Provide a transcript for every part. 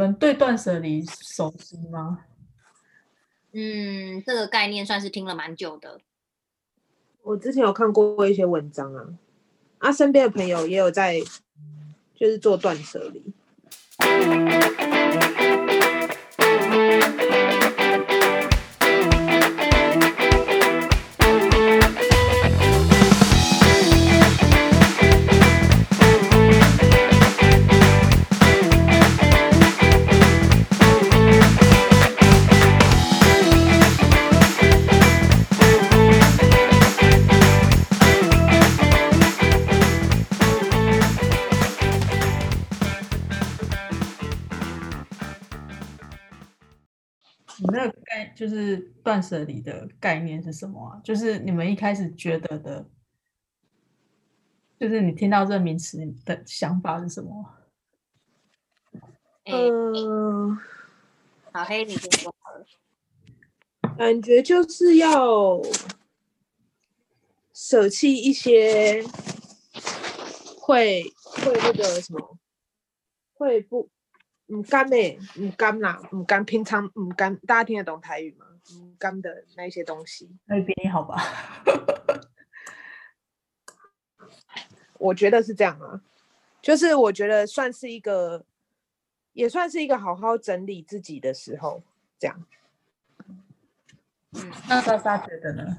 你們對斷捨離熟悉嗎？嗯，這個概念算是聽了蠻久的。我之前有看過一些文章啊，啊，身邊的朋友也有在，就是做斷捨離。嗯嗯嗯就是斷捨離的概念是什麼啊？就是你們一開始覺得的，就是你聽到這名詞的想法是什麼？嗯、欸，小、欸呃、黑，你先說。感覺就是要捨棄一些會會那個什麼會不。唔甘的、欸，唔甘啦，唔甘，平常唔甘，大家聽得懂台語嗎？唔甘的那一些東西，那邊也好吧。 我覺得是這樣啊，就是我覺得算是一個，也算是一個好好整理自己的時候，這樣。嗯，那莎莎覺得呢？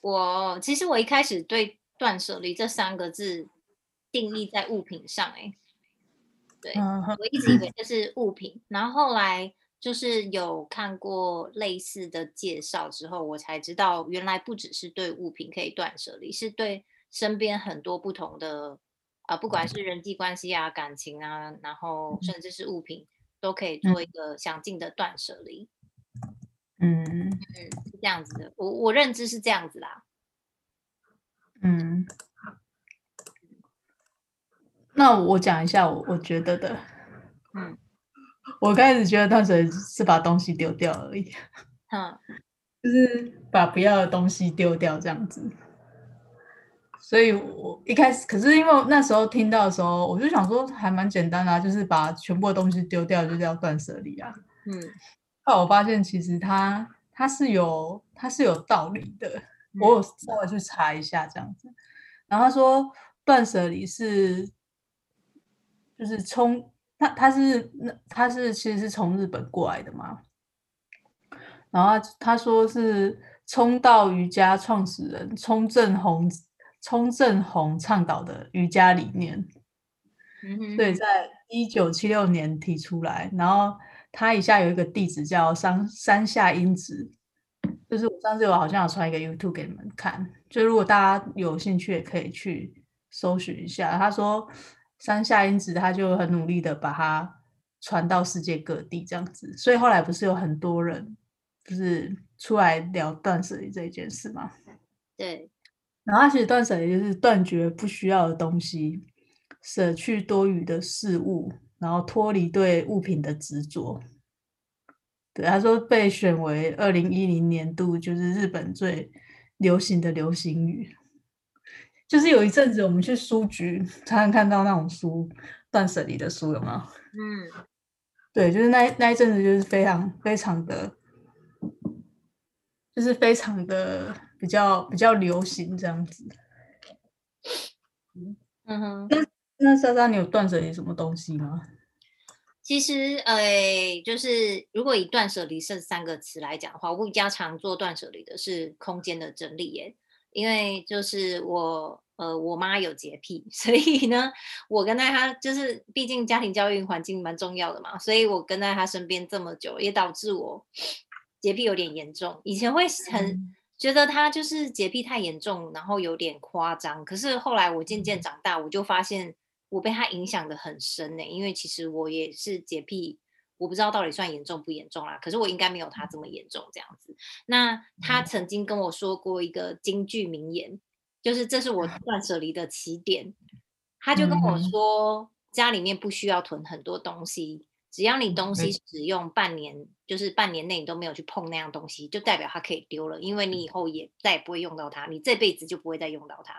我其實我一開始對斷捨離這三個字定義在物品上、欸，哎。對，我一直以為這是物品，嗯、然後後來就是有看過類似的介紹之後，我才知道原來不只是對物品可以斷舍離，是對身邊很多不同的啊、呃，不管是人際關係啊、感情啊，然後甚至是物品，都可以做一個詳盡的斷舍離。嗯，是這樣子的，我我認知是這樣子啦。嗯。那我講一下我我覺得的，嗯，我開始覺得斷捨離是把東西丟掉而已，嗯，就是把不要的東西丟掉這樣子，所以我一開始可是因為那時候聽到的時候，我就想說還蠻簡單的，啊，就是把全部的東西丟掉就是要斷捨離啊，嗯，後來我發現其實它它是有它是有道理的，我稍微去查一下這樣子，嗯，然後他說斷捨離是。就是沖，他他是那他是其實是從日本過來的嘛，然後他說是沖到瑜伽創始人沖正弘，沖正弘倡導的瑜伽理念，嗯哼，對，在一九七六年提出來，然後他以下有一個地址叫山山下英子，就是我上次有好像有傳一個 YouTube 給你們看，就如果大家有興趣也可以去搜尋一下，他說。山下英子，他就很努力的把它傳到世界各地，這樣子。所以後來不是有很多人，就是出來聊斷捨離這件事嗎？對。然後他其實斷捨離就是斷絕不需要的東西，捨去多餘的事物，然後脫離對物品的執着。對，他說被選為二零一零年度，就是日本最流行的流行語。就是有一陣子，我們去書局，常常看到那種書《斷捨離》的書，有嗎？嗯，對，就是那那一陣子，就是非常非常的，就是非常的比較比較流行這樣子。嗯哼，那那莎莎，你有斷捨離什麼東西嗎？其實，呃，就是如果以“斷捨離”這三個詞來講的話，我比較常做斷捨離的是空間的整理耶。因為就是我，呃，我媽有潔癖，所以呢，我跟在她，就是，畢竟家庭教育環境蠻重要的嘛，所以我跟在她身邊這麼久，也導致我潔癖有點嚴重。以前會很覺得她就是潔癖太嚴重，然後有點誇張。可是後來我漸漸長大，我就發現我被她影響得很深呢，欸，因為其實我也是潔癖。我不知道到底算嚴重不嚴重啦，可是我應該沒有他這麼嚴重這樣子。那他曾經跟我說過一個金句名言，嗯、就是這是我斷捨離的起點。他就跟我說，嗯、家裡面不需要囤很多東西，只要你東西使用半年，欸、就是半年內你都沒有去碰那樣東西，就代表它可以丟了，因為你以後也再也不會用到它，你這輩子就不會再用到它。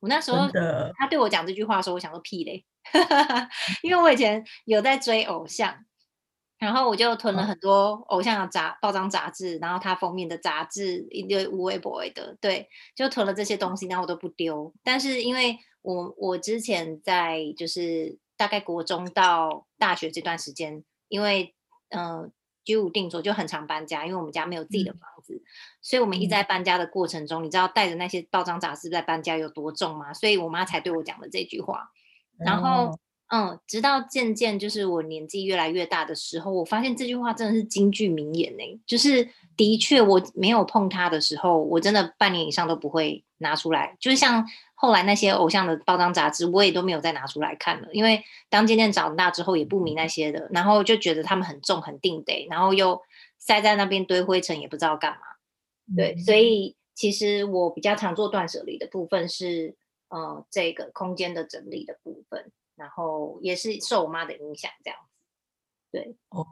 我那時候的他對我講這句話說，我想說屁嘞， 因為我以前有在追偶像。然後我就囤了很多偶像的雜、報章雜誌，然後它封面的雜誌，一堆無畏博的，對，就囤了這些東西，然後我都不丟。但是因為我我之前在就是大概國中到大學這段時間，因為嗯居無定所，就很常搬家，因為我們家沒有自己的房子，嗯、所以我們一直在搬家的過程中，嗯、你知道帶着那些報章雜誌在搬家有多重嗎？所以我媽才對我講了這句話，然後。嗯嗯，直到漸漸就是我年紀越來越大的時候，我發現這句話真的是金句名言嘞、欸。就是的確，我沒有碰它的時候，我真的半年以上都不會拿出來。就是像後來那些偶像的包裝雜誌，我也都沒有再拿出來看了。因為當漸漸長大之後，也不迷那些的，然後就覺得它們很重很定得、欸，然後又塞在那邊堆灰塵，也不知道幹嘛。對，嗯、所以其實我比較常做斷捨離的部分是，呃、嗯，這個空間的整理的部分。然後也是受我媽的影響，這樣子，對，哦，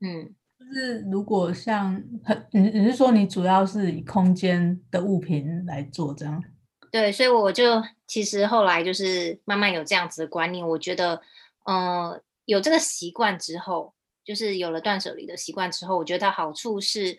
嗯，就是如果像很，你你是說你主要是以空間的物品來做這樣？對，所以我就其實後來就是慢慢有這樣子的觀念，我覺得，嗯、呃，有這個習慣之後，就是有了斷捨離的習慣之後，我覺得它好處是，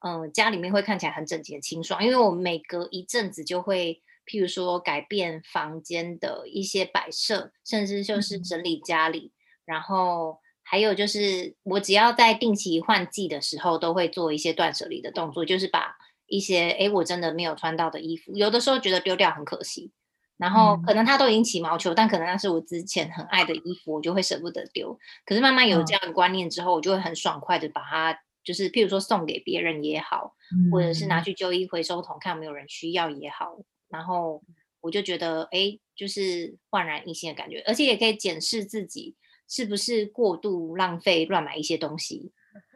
嗯、呃，家裡面會看起來很整潔清爽，因為我每隔一陣子就會。譬如說，改變房間的一些擺設，甚至就是整理家裡，嗯、然後還有就是，我只要在定期換季的時候，都會做一些斷捨離的動作，就是把一些哎、欸、我真的沒有穿到的衣服，有的時候覺得丟掉很可惜，然後可能它都已經起毛球，嗯、但可能那是我之前很愛的衣服，我就會捨不得丟。可是慢慢有這樣的觀念之後，嗯、我就會很爽快的把它，就是譬如說送給別人也好，嗯、或者是拿去舊衣回收桶看有沒有人需要也好。然後我就覺得，哎、欸，就是煥然一新的感覺，而且也可以檢視自己是不是過度浪費、亂買一些東西。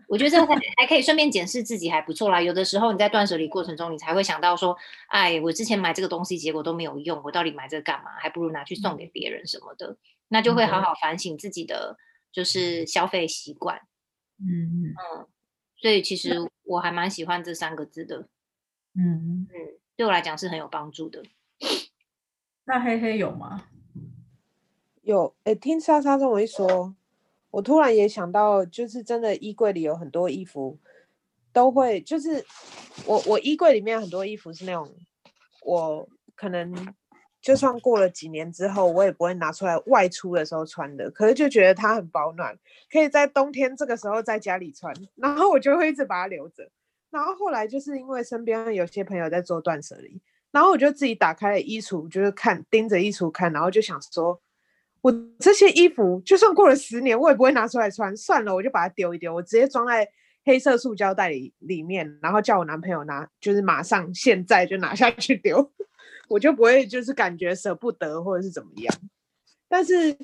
我覺得這個還還可以順便檢視自己還不錯啦。 有的時候你在斷舍離過程中，你才會想到說，哎，我之前買這個東西，結果都沒有用，我到底買這幹嘛？還不如拿去送給別人什麼的。嗯、那就會好好反省自己的就是消費習慣。嗯嗯，所以其實我還蠻喜歡這三個字的。嗯嗯。嗯對我來講是很有幫助的。那黑黑有嗎？有，哎，聽莎莎這麼一說，我突然也想到，就是真的，衣櫃裡有很多衣服，都會就是我我衣櫃裡面很多衣服是那種，我可能就算過了幾年之後，我也不會拿出來外出的時候穿的。可是就覺得它很保暖，可以在冬天這個時候在家裡穿，然後我就會一直把它留着。然後後來就是因為身邊有些朋友在做斷舍離，然後我就自己打開了衣櫥，就是看盯着衣櫥看，然後就想說，我這些衣服就算過了十年，我也不會拿出來穿，算了，我就把它丟一丟，我直接裝在黑色塑膠袋裡裡面，然後叫我男朋友拿，就是馬上現在就拿下去丟，我就不會就是感覺舍不得或者是怎麼樣，但是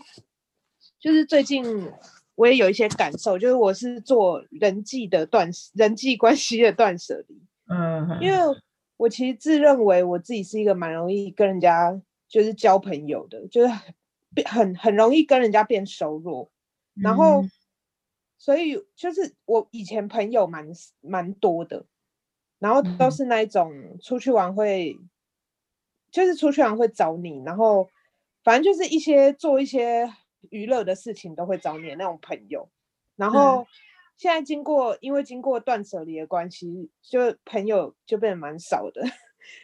就是最近。我也有一些感受，就是我是做人際的斷，人際關係的斷捨離。嗯、uh-huh. 因為我其實自認為我自己是一個蠻容易跟人家就是交朋友的，就是很很容易跟人家變熟絡。然後，mm hmm. 所以就是我以前朋友蠻蠻多的，然後都是那種出去玩會，mm hmm. 就是出去玩會找你，然後反正就是一些做一些。娛樂的事情都會找你那種朋友，然後現在經過，嗯、因為經過斷捨離的關係，就朋友就變得蠻少的。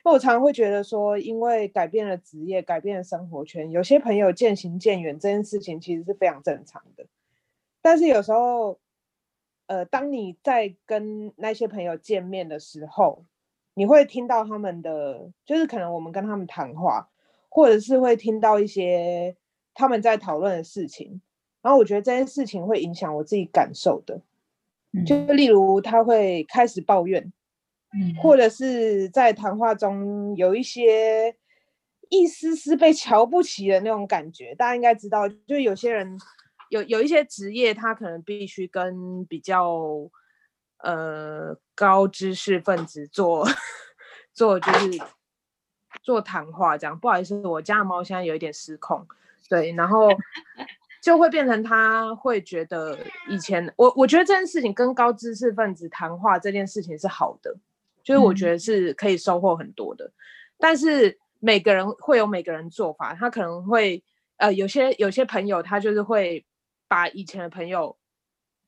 那 我常常會覺得說，因為改變了職業，改變了生活圈，有些朋友漸行漸遠，這件事情其實是非常正常的。但是有時候，呃，當你在跟那些朋友見面的時候，你會聽到他們的，就是可能我們跟他們談話，或者是會聽到一些。他們在討論的事情，然後我覺得這件事情會影響我自己感受的，嗯、就例如他會開始抱怨，嗯、或者是在談話中有一些一絲絲被瞧不起的那種感覺。大家應該知道，就有些人有有一些職業，他可能必須跟比較呃高知識分子做呵呵做就是做談話這樣。不好意思，我家的貓現在有一點失控。對，然後就會變成他會覺得以前我我覺得這件事情跟高知識分子談話這件事情是好的，就是我覺得是可以收穫很多的。嗯。但是每個人會有每個人做法，他可能會呃有些有些朋友他就是會把以前的朋友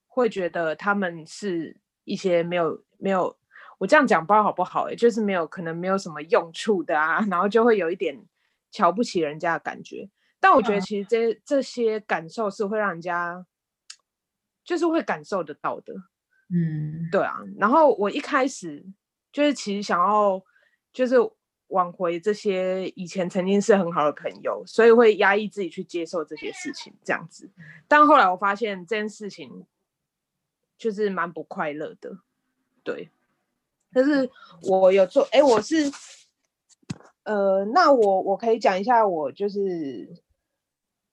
會覺得他們是一些沒有沒有我這樣講不知道好不好欸，就是沒有可能沒有什麼用處的啊，然後就會有一點瞧不起人家的感覺。但我覺得其實這這些感受是會讓人家，就是會感受得到的，嗯，對啊。然後我一開始就是其實想要就是挽回這些以前曾經是很好的朋友，所以會壓抑自己去接受這些事情，這樣子。但後來我發現這件事情就是蠻不快樂的，對。但是我有做，哎，我是，呃，那我我可以講一下，我就是。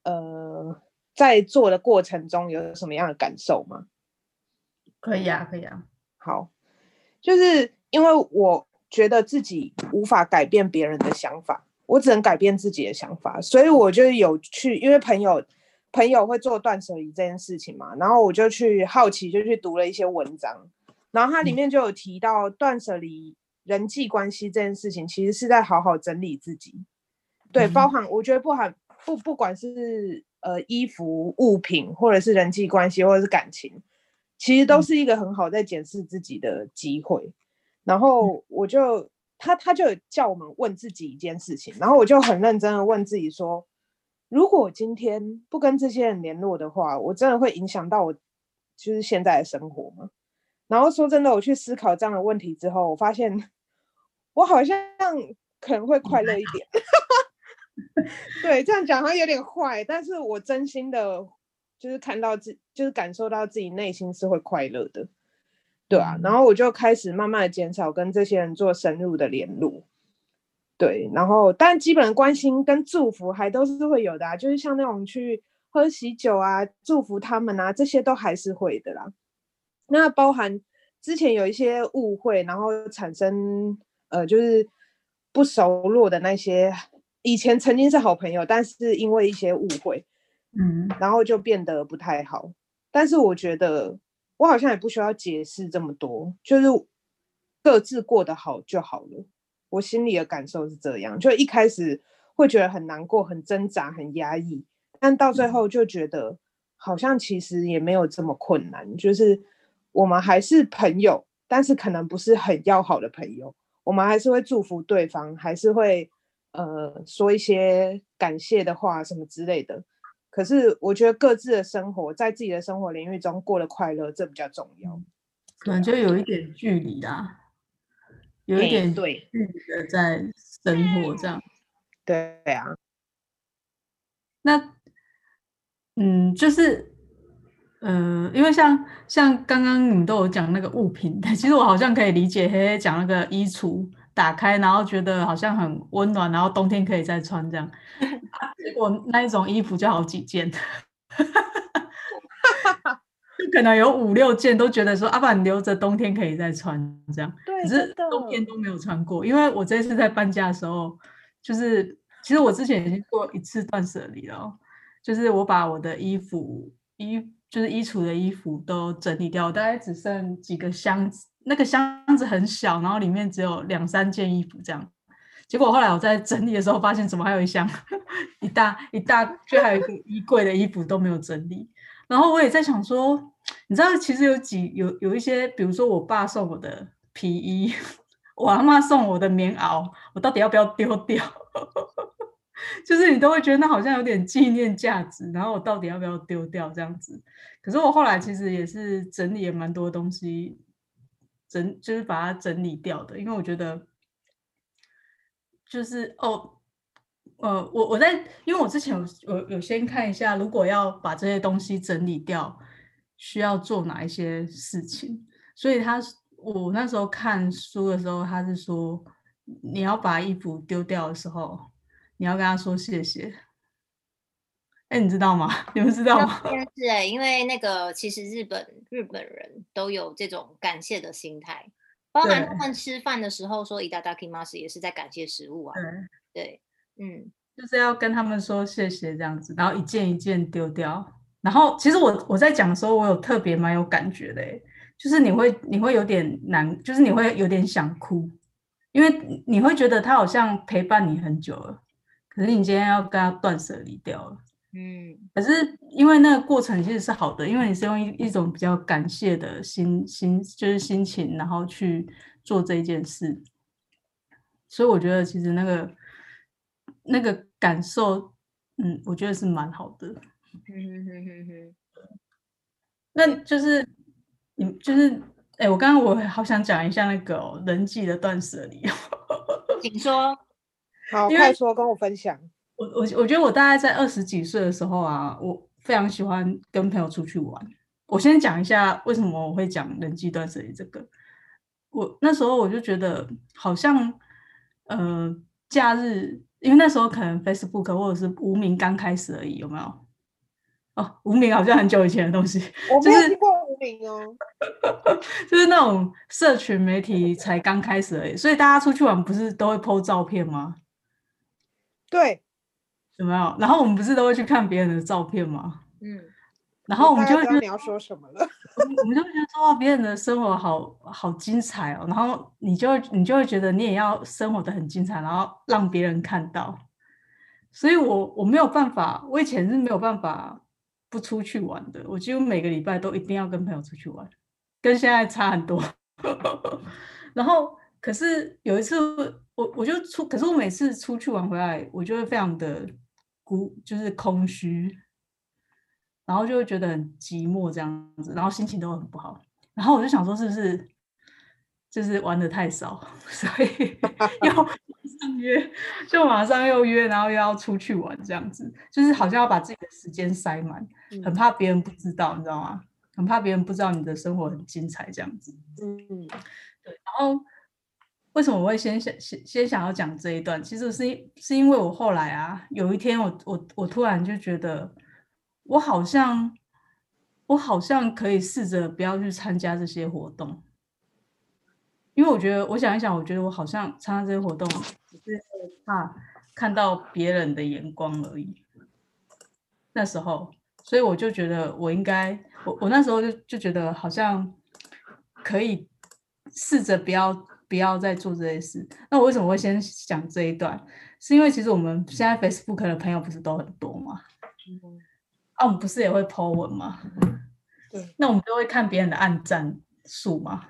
呃，在做的過程中有什麼樣的感受嗎？可以啊，可以啊。好，就是因為我覺得自己無法改變別人的想法，我只能改變自己的想法，所以我就有去，因為朋友朋友會做斷捨離這件事情嘛，然後我就去好奇，就去讀了一些文章，然後它裡面就有提到斷捨離人際關係這件事情，其實是在好好整理自己，對，嗯、哼包含我覺得包含。不，不管是呃衣服物品，或者是人際關係，或者是感情，其實都是一個很好在檢視自己的機會。嗯、然後我就他他就有叫我們問自己一件事情，然後我就很認真的問自己說：如果我今天不跟這些人聯絡的話，我真的會影響到我就是現在的生活嗎？然後說真的，我去思考這樣的問題之後，我發現我好像可能會快樂一點。嗯 對，這樣講好像有點壞，但是我真心的，就是看到自，就是感受到自己內心是會快樂的，對啊，嗯、然後我就開始慢慢的減少跟這些人做深入的聯絡，對，然後但基本關心跟祝福還都是會有的、啊，就是像那種去喝喜酒啊，祝福他們啊，這些都還是會的啦。那包含之前有一些誤會，然後產生呃，就是不熟絡的那些。以前曾經是好朋友，但是因為一些誤會，嗯，然後就變得不太好。但是我覺得我好像也不需要解釋這麼多，就是各自過得好就好了。我心裡的感受是這樣，就一開始會覺得很難過、很掙扎、很壓抑，但到最後就覺得好像其實也沒有這麼困難。就是我們還是朋友，但是可能不是很要好的朋友。我們還是會祝福對方，還是會。呃，說一些感謝的話什麼之類的，可是我覺得各自的生活，在自己的生活領域中過得快樂，這比較重要。可能就有一點距離啊，有一點對距離的在生活這樣。欸、對啊，那嗯，就是嗯、呃，因為像像剛剛你們都有講那個物品，但其實我好像可以理解嘿嘿講那個衣櫥。打開，然後覺得好像很溫暖，然後冬天可以再穿這樣。 結果那一種衣服就好幾件，哈， 可能有五六件，都覺得說阿爸你留着，冬天可以再穿這樣。對，可是冬天都沒有穿過，的因為我這次在搬家的時候，就是其實我之前已經做一次斷捨離了，就是我把我的衣服衣就是衣櫥的衣服都整理掉，大概只剩幾個箱子。那個箱子很小，然後裡面只有兩三件衣服這樣。結果後來我在整理的時候，發現怎麼還有一箱一大一大，就還有一個衣櫃的衣服都沒有整理。然後我也在想說，你知道其實有幾有有一些，比如說我爸送我的皮衣，我阿嬤送我的棉襖，我到底要不要丟掉？就是你都會覺得那好像有點紀念價值，然後我到底要不要丟掉這樣子。可是我後來其實也是整理了蠻多東西。整就是把它整理掉的，因為我覺得，就是哦，呃，我我在，因為我之前有有先看一下，如果要把這些東西整理掉，需要做哪一些事情。所以他，我那時候看書的時候，他是說，你要把衣服丟掉的時候，你要跟他說謝謝。哎、欸，你知道嗎？你們知道嗎？嗯、是哎，因為那個其實日本日本人都有這種感謝的心態，對包含他們吃飯的時候說一大大 d a k 也是在感謝食物啊。對對，嗯，就是要跟他們說謝謝這樣子，然後一件一件丟掉。然後其實我我在講的時候，我有特別蠻有感覺的，就是你會你會有點難，就是你會有點想哭，因為你會覺得他好像陪伴你很久了，可是你今天要跟他斷捨離掉了。嗯，可是因為那個過程其實是好的，因為你是用一一種比較感謝的心心，就是心情，然後去做這一件事，所以我覺得其實那個那個感受，嗯，我覺得是蠻好的。嘿嘿嘿嘿嘿。那就是你就是哎，我剛剛我好想講一下那個、哦、人際的斷捨離， 你說，好為快說，跟我分享。我我我覺得我大概在二十幾歲的時候啊，我非常喜歡跟朋友出去玩。我先講一下為什麼我會講人際斷捨離這個。我那時候我就覺得好像呃，假日，因為那時候可能 Facebook 或者是無名剛開始而已，有沒有？哦，無名好像很久以前的東西。 就是，我沒有聽過無名哦， 就是那種社群媒體才剛開始而已。所以大家出去玩不是都會 PO 照片嗎？對。有沒有，然後我們不是都會去看別人的照片嗎？嗯，然後我們就會覺得你要說什麼了， 我們就覺得哇，別人的生活好好精彩哦，然後你就你就會覺得你也要生活得很精彩，然後讓別人看到。所以我，我我沒有辦法，我以前是沒有辦法不出去玩的，我幾乎每個禮拜都一定要跟朋友出去玩，跟現在差很多。 然後，可是有一次我，我我就出，可是我每次出去玩回來，我就會非常的。就是空虛，然後就會覺得很寂寞這樣子，然後心情都很不好。然後我就想說，是不是就是玩的太少，所以 又馬上約，就馬上又約，然後又要出去玩這樣子，就是好像要把自己的時間塞滿，很怕別人不知道，你知道嗎？很怕別人不知道你的生活很精彩這樣子。嗯，對，然後。為什麼我會先想先先想要講這一段？其實是是因為我後來啊，有一天我我我突然就覺得，我好像我好像可以試着不要去參加這些活動，因為我覺得我想一想，我覺得我好像參加這些活動只是怕看到別人的眼光而已。那時候，所以我就覺得我應該，我我那時候就就覺得好像可以試着不要。不要再做這些事。那我為什麼會先想這一段？是因為其實我們現在 Facebook 的朋友不是都很多嗎？啊，我們不是也會 PO 文嗎？對，那我們就會看別人的按讚數嗎？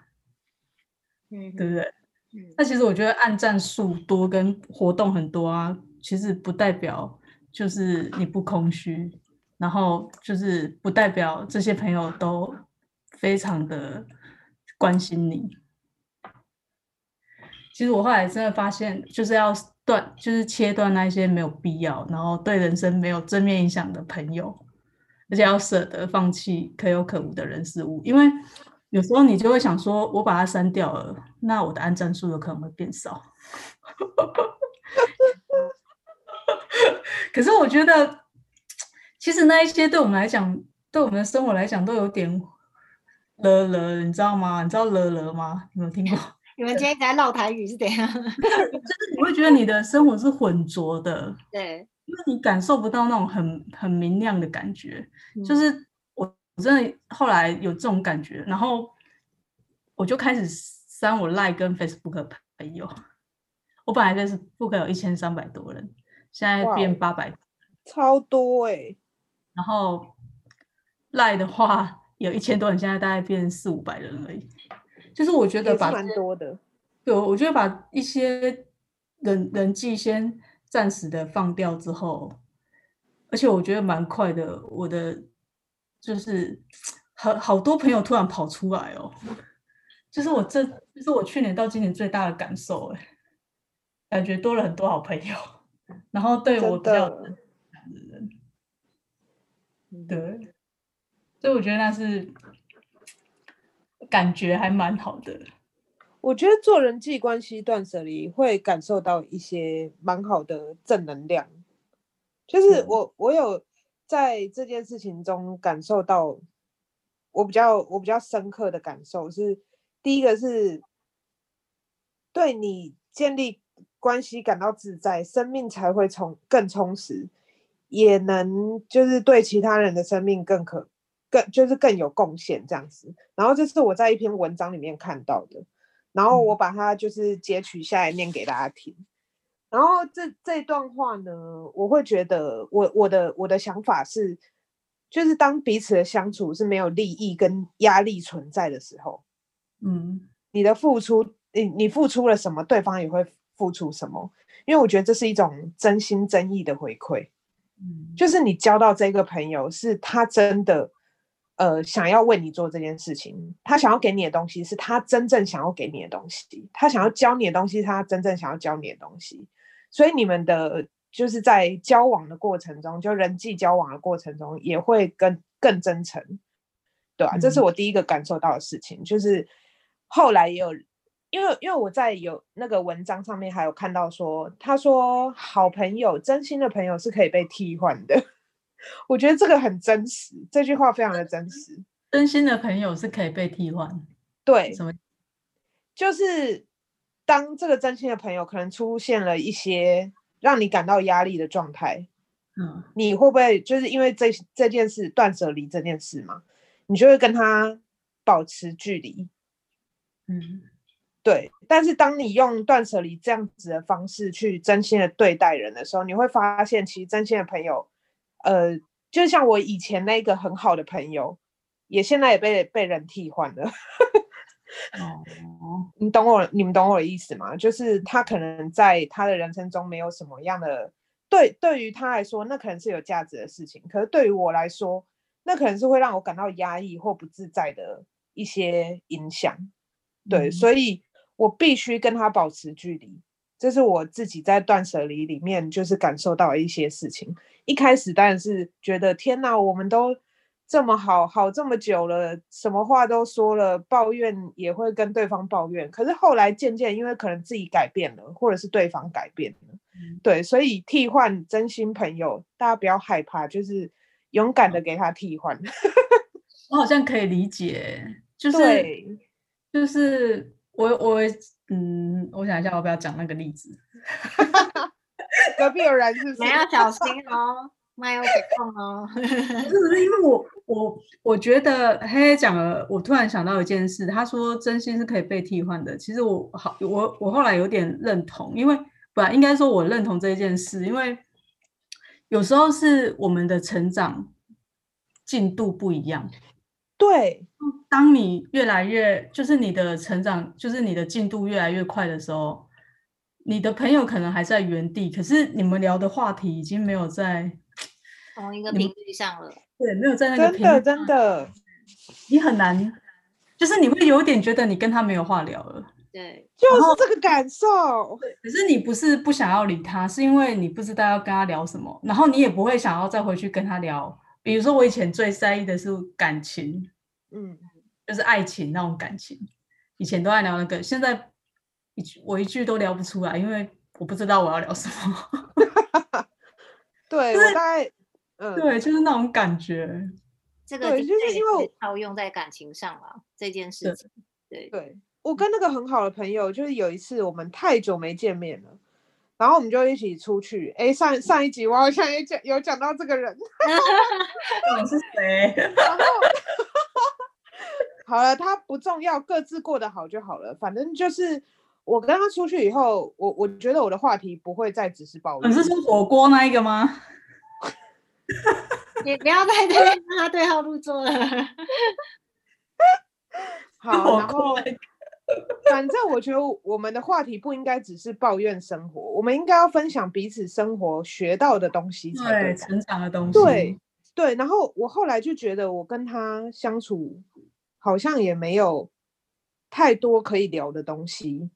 對不對？那其實我覺得按讚數多跟活動很多啊，其實不代表就是你不空虛，然後就是不代表這些朋友都非常的關心你。其實我後來真的發現，就是要斷，就是切斷那一些沒有必要，然後對人生沒有正面影響的朋友，而且要捨得放棄可有可無的人事物，因為有時候你就會想說，我把它刪掉了，那我的按讚數有可能會變少。 可是我覺得，其實那一些對我們來講，對我們的生活來講，都有點了了，你知道嗎？你知道了了嗎？你有沒有聽過？你們今天在烙台語是怎樣？對 就是你會覺得你的生活是渾濁的，對，因為你感受不到那種很很明亮的感覺。嗯、就是我真的後來有這種感覺，然後我就開始刪我賴、like、跟 Facebook 的朋友。我本來就是 Facebook 有一千三百多人，現在變八百，超多欸。然後賴的話有一千多人，現在大概變四五百人而已。就是我覺得把蠻多的，對，我覺得把一些人人際先暫時的放掉之後，而且我覺得蠻快的。我的就是很好，好多朋友突然跑出來哦，就是我這，就是我去年到今年最大的感受哎，感覺多了很多好朋友，然後對我比較的、嗯、對，所以我覺得那是。感覺還蠻好的，我覺得做人際關係斷捨離會感受到一些蠻好的正能量。就是我，我有在這件事情中感受到，我比較我比較深刻的感受是，第一個是對你建立關係感到自在，生命才會充更充實，也能就是對其他人的生命更可。更就是更有貢獻這樣子，然後這是我在一篇文章裡面看到的，然後我把它就是截取下來念給大家聽。嗯、然後這這段話呢，我會覺得我我的我的想法是，就是當彼此的相處是沒有利益跟壓力存在的時候，嗯，你的付出，你你付出了什麼，對方也會付出什麼，因為我覺得這是一種真心真意的回饋。嗯，就是你交到這個朋友，是他真的。呃，想要為你做這件事情，他想要給你的東西是他真正想要給你的東西，他想要教你的東西，他真正想要教你的東西。所以你們的就是在交往的過程中，就人際交往的過程中，也會更更真誠，對啊，這是我第一個感受到的事情。嗯、就是後來也有，因為因為我在有那個文章上面還有看到說，他說好朋友、真心的朋友是可以被替換的。我覺得這個很真實，這句話非常的真實。真心的朋友是可以被替換。對，什麼？就是當這個真心的朋友可能出現了一些讓你感到壓力的狀態，嗯，你會不會就是因為這這件事斷捨離這件事嘛？你就會跟他保持距離。嗯，對。但是當你用斷捨離這樣子的方式去真心的對待人的時候，你會發現，其實真心的朋友。呃，就像我以前那個很好的朋友，也現在也被被人替換了。 嗯、你懂我，你們懂我的意思嗎？就是他可能在他的人生中沒有什麼樣的，對，對於他來說，那可能是有價值的事情，可是對於我來說，那可能是會讓我感到壓抑或不自在的一些影響。對，嗯、所以我必須跟他保持距離。這是我自己在斷捨離裡面，就是感受到的一些事情。一開始當然是覺得天哪，我們都這麼好好這麼久了，什麼話都說了，抱怨也會跟對方抱怨。可是後來漸漸，因為可能自己改變了，或者是對方改變了，嗯、對，所以替換真心朋友，大家不要害怕，就是勇敢的給他替換。 我好像可以理解，就是對就是我我嗯，我想一下，我要不要講那個例子？ 隔壁有人，是誰？要小心哦！ 慢有掌控哦。是不是因為我我我覺得黑黑講了，我突然想到一件事，他說真心是可以被替換的。其實我好，我我後來有點認同，因為本來應該說我認同這一件事，因為有時候是我們的成長進度不一樣。對，當你越來越就是你的成長，就是你的進度越來越快的時候。你的朋友可能還在原地，可是你們聊的話題已經沒有在同一個頻率上了。對，沒有在那個頻率，真的，真的，你很難，就是你會有點覺得你跟他沒有話聊了。對，後就是這個感受。可是你不是不想要理他，是因為你不知道要跟他聊什麼，然後你也不會想要再回去跟他聊。比如說，我以前最在意的是感情，嗯，就是愛情那種感情，以前都愛聊那個，現在。一句我一句都聊不出來，因為我不知道我要聊什麼。 對，我大概嗯，呃、對，就是那種感覺。這個就是因為我套用在感情上了這件事情。對，對，對，對我跟那個很好的朋友，就是有一次我們太久沒見面了，然後我們就一起出去。哎、欸，上上一集我好像也講有講到這個人，你、 嗯、是誰？ 然後 好了，他不重要，各自過得好就好了。反正就是。我跟他出去以後，我我覺得我的話題不會再只是抱怨。你、嗯、是說火鍋那一個嗎？ 你不要再跟 他對號入座了。 好，然後，反正我覺得我們的話題不應該只是抱怨生活， 我們應該要分享彼此生活學到的東西才對，對成長的東西。對對，然後我後來就覺得，我跟他相處好像也沒有太多可以聊的東西。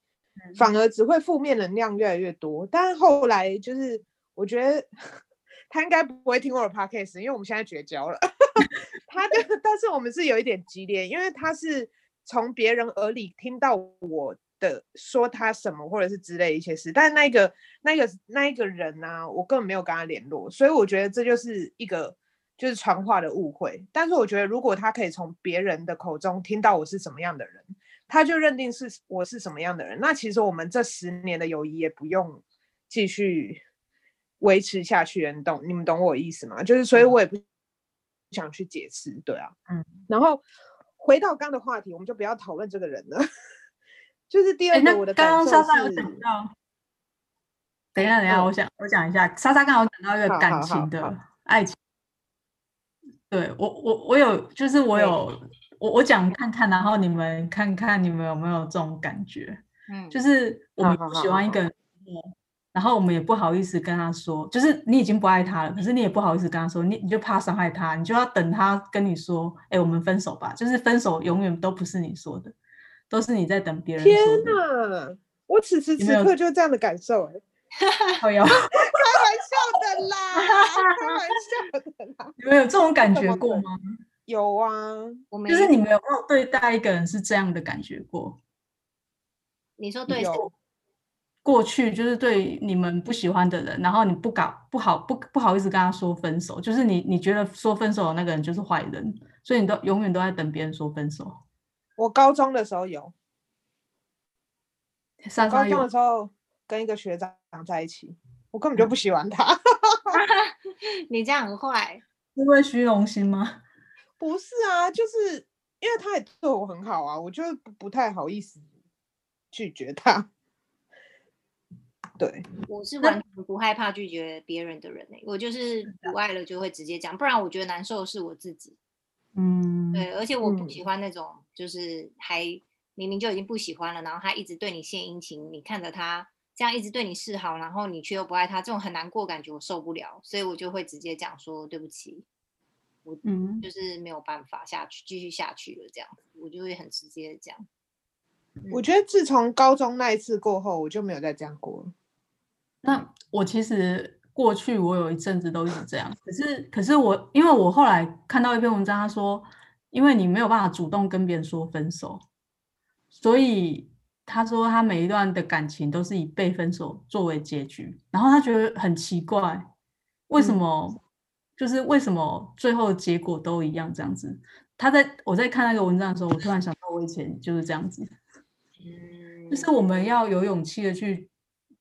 反而只會負面能量越來越多，但後來就是我覺得他應該不會聽我的 podcast，因為我們現在絕交了。 他的，但是我們是有一點激烈，因為他是從別人耳裡聽到我的說他什麼或者是之類的一些事，但是那個那個那一個人呢、啊，我根本沒有跟他聯絡，所以我覺得這就是一個就是傳話的誤會。但是我覺得如果他可以從別人的口中聽到我是什麼樣的人。他就認定是我是什麼樣的人，那其實我們這十年的友誼也不用繼續維持下去，你懂？你們懂我意思嗎？就是，所以我也不想去解釋，對啊。嗯。然後回到剛的話題，我們就不要討論這個人了。 就是第二個，那我剛剛莎莎有講到，等一下，等一下，哦、我想我講一下，莎莎剛好講到一個感情的好好好好愛情，對我，我我有，就是我有。嗯我我講看看，然後你們看看你們有沒有這種感覺？嗯，就是我們喜歡一個人，好好好然後我們也不好意思跟他說，就是你已經不愛他了，嗯、可是你也不好意思跟他說，你你就怕傷害他，你就要等他跟你說，哎、欸，我們分手吧。就是分手永遠都不是你說的，都是你在等別人。天啊，我此時此刻就這樣的感受，哎，開玩笑的啦，開玩笑的啦， 你們有這種感覺過嗎？有啊，我們就是你沒有對待一個人是這樣的感覺過。你說對有，過去就是對你們不喜歡的人，然後你不搞，不好，不不好意思跟他說分手，就是你你覺得說分手的那個人就是壞人，所以你都永遠都在等別人說分手。我高中的時候有，上高中的時候跟一個學長在一起，我根本就不喜歡他， 你這樣很壞，因為虛榮心嗎？不是啊，就是因為他也對我很好啊，我就不,不太好意思拒絕他。對，我是完全不害怕拒絕別人的人呢、欸，我就是不愛了就會直接講，不然我覺得難受的是我自己。嗯，對，而且我不喜歡那種、嗯、就是還明明就已經不喜歡了，然後他一直對你獻殷勤，你看着他這樣一直對你示好，然後你卻又不愛他，這種很難過感覺我受不了，所以我就會直接講說對不起。嗯，就是沒有辦法下去，繼、嗯、續下去了。這樣，我就會很直接這樣。我覺得自從高中那一次過後，我就沒有再這樣過了。嗯、那我其實過去，我有一陣子都一直這樣。嗯、可是，可是我因為我後來看到一篇文章，他說，因為你沒有辦法主動跟別人說分手，所以他說他每一段的感情都是以被分手作為結局。然後他覺得很奇怪，為什麼、嗯？就是為什麼最後的結果都一樣這樣子？他在我在看那個文章的時候，我突然想到，我以前就是這樣子。就是我們要有勇氣的去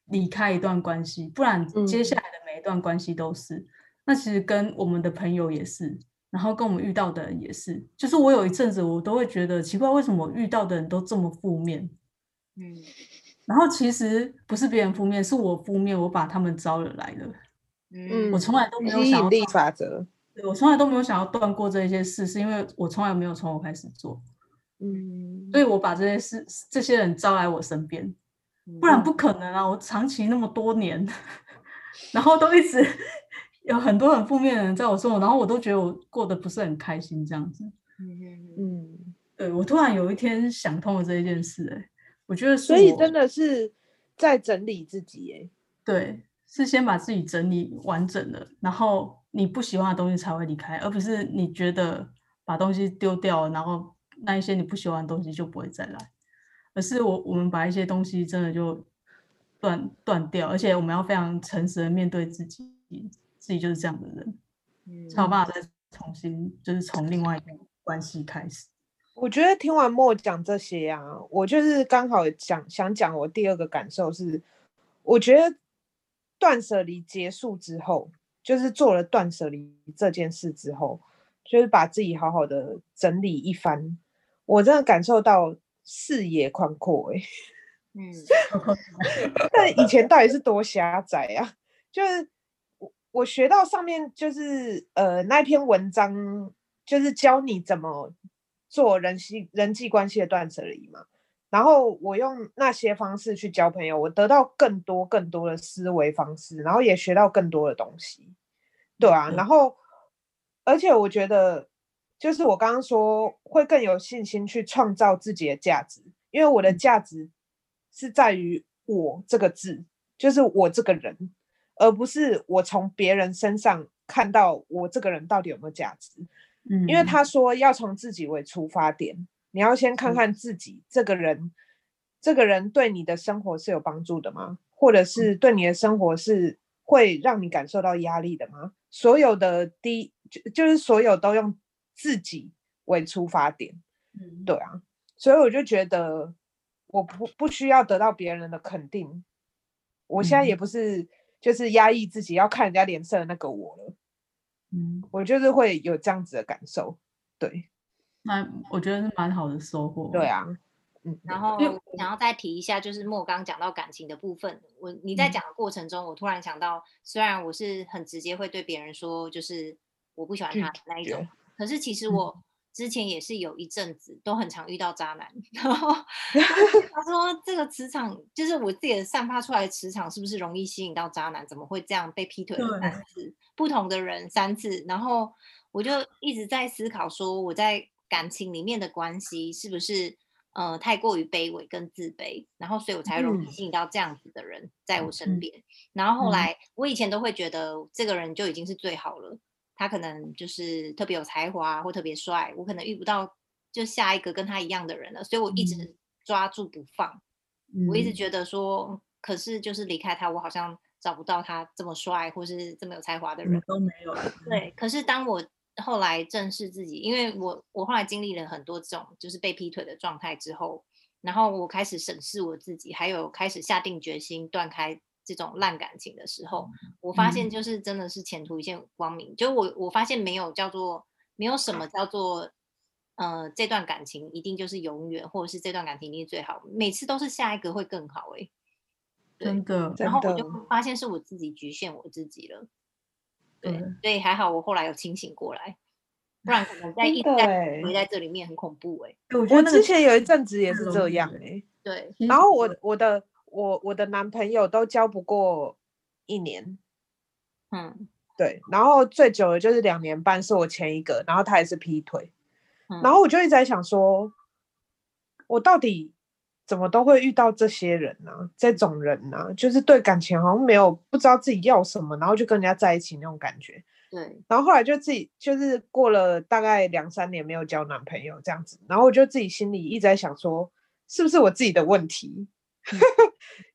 離開一段關係，不然接下來的每一段關係都是。嗯，那其實跟我們的朋友也是，然後跟我們遇到的人也是。就是我有一陣子，我都會覺得奇怪，為什麼我遇到的人都這麼負面？嗯，然後其實不是別人負面，是我負面，我把他們招惹來了。嗯，我從來都沒有想力法則，我從來都沒有想要斷過這一件事，是因為我從來沒有從我開始做，嗯，所以我把這些事、這些人招來我身邊，不然不可能啊！我長期那麼多年， 然後都一直有很多很負面的人在我身後，然後我都覺得我過得不是很開心這樣子。嗯，對，我突然有一天想通了這一件事，欸，哎，我覺得我所以真的是在整理自己、欸，耶。對。是先把自己整理完整了，然後你不喜歡的東西才會離開，而不是你覺得把東西丟掉了，然後那一些你不喜歡的東西就不會再來。而是我我們把一些東西真的就斷斷掉，而且我們要非常誠實的面對自己，自己就是這樣的人，嗯、才有辦法再重新，就是從另外一個關係開始。我覺得聽完莫講這些呀、啊，我就是剛好講想，想講我第二個感受是，我覺得。斷捨離結束之後，就是做了斷捨離這件事之後，就是把自己好好的整理一番，我真的感受到視野寬闊哎、欸。嗯，那 以前到底是多狹窄啊！就是我我學到上面就是呃那篇文章，就是教你怎麼做人性人際關係的斷捨離嘛。然後我用那些方式去交朋友，我得到更多更多的思維方式，然後也學到更多的東西，對啊。嗯、然後，而且我覺得，就是我剛剛說會更有信心去創造自己的價值，因為我的價值是在於我這個字，就是我這個人，而不是我從別人身上看到我這個人到底有沒有價值。嗯，因為他說要從自己為出發點。你要先看看自己，嗯、這個人，這個人對你的生活是有幫助的嗎？或者是對你的生活是會讓你感受到壓力的嗎？所有的第一，就就是所有都用自己為出發點，嗯，對啊，所以我就覺得，我不不需要得到別人的肯定，我現在也不是就是壓抑自己要看人家臉色的那個我了，嗯，我就是會有這樣子的感受，對。那我覺得是蠻好的收穫。對啊，嗯、然後我想要再提一下，就是莫剛講到感情的部分，我你在講的過程中，我突然想到，雖然我是很直接會對別人說，就是我不喜歡他那一種，嗯、可是其實我之前也是有一陣子都很常遇到渣男。然後他說這個磁場，就是我自己的散發出來的磁場，是不是容易吸引到渣男？怎麼會這樣被劈腿三次？對不同的人三次，然後我就一直在思考，說我在。感情裡面的關係是不是，呃，太過於卑微跟自卑，然後所以我才容易吸引到這樣子的人在我身邊。嗯，然後後來，嗯，我以前都會覺得這個人就已經是最好了，他可能就是特別有才華或特別帥，我可能遇不到就下一個跟他一樣的人了，所以我一直抓住不放。嗯，我一直覺得說，可是就是離開他，我好像找不到他這麼帥或是這麼有才華的人都沒有。對，可是當我。後來正視自己，因為我我後來經歷了很多這種就是被劈腿的狀態之後，然後我開始審視我自己，還有開始下定決心斷開這種爛感情的時候，我發現就是真的是前途一片光明。嗯、就我我發現沒有叫做沒有什麼叫做，呃，這段感情一定就是永遠，或者是這段感情一定最好，每次都是下一個會更好哎，真的。然後我就發現是我自己局限我自己了。對，所以、嗯、還好我後來有清醒過來，不然可能在一直在留在這裡面對很恐怖哎、欸。我，我之前有一陣子也是這樣哎、欸，對。然後我對我的我我的男朋友都交不過一年，嗯，對。然後最久的就是兩年半，是我前一個，然後他也是劈腿，嗯、然後我就一直在想說，我到底，怎麼都會遇到這些人呢？啊，這種人呢？啊，就是對感情好像沒有，不知道自己要什麼，然後就跟人家在一起那種感覺。對，然後後來就自己就是過了大概兩三年沒有交男朋友這樣子，然後我就自己心裡一直在想說，是不是我自己的問題？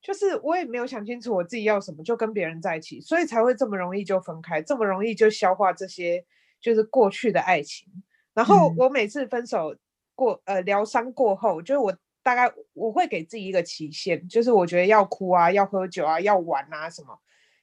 就是我也沒有想清楚我自己要什麼，就跟別人在一起，所以才會這麼容易就分開，這麼容易就消化這些就是過去的愛情。然後我每次分手過，呃，療傷過後，就是我。大概我會給自己一個期限，就是我覺得要哭啊，要喝酒啊，要玩啊，什麼，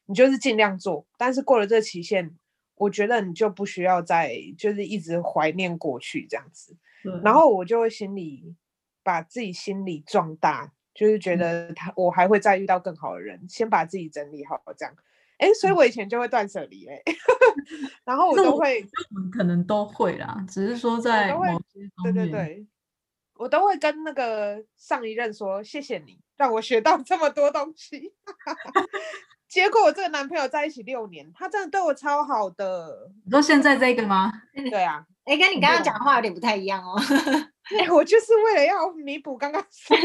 你就是盡量做。但是過了這期限，我覺得你就不需要再就是一直懷念過去這樣子。對然後我就會心裡把自己心裡壯大，就是覺得他、嗯、我還會再遇到更好的人，先把自己整理好這樣。哎，所以我以前就會斷捨離哎、欸。嗯、 然後我都會， 我可能都會啦，只是說在某些方面，都會，對對對。我都會跟那個上一任說，謝謝你讓我學到這麼多東西， 結果我這個男朋友在一起六年，他真的對我超好的。你說現在這個嗎？嗯、對啊，哎、欸，跟你剛剛講話有點不太一樣哦。啊、我就是為了要彌補剛剛的， 不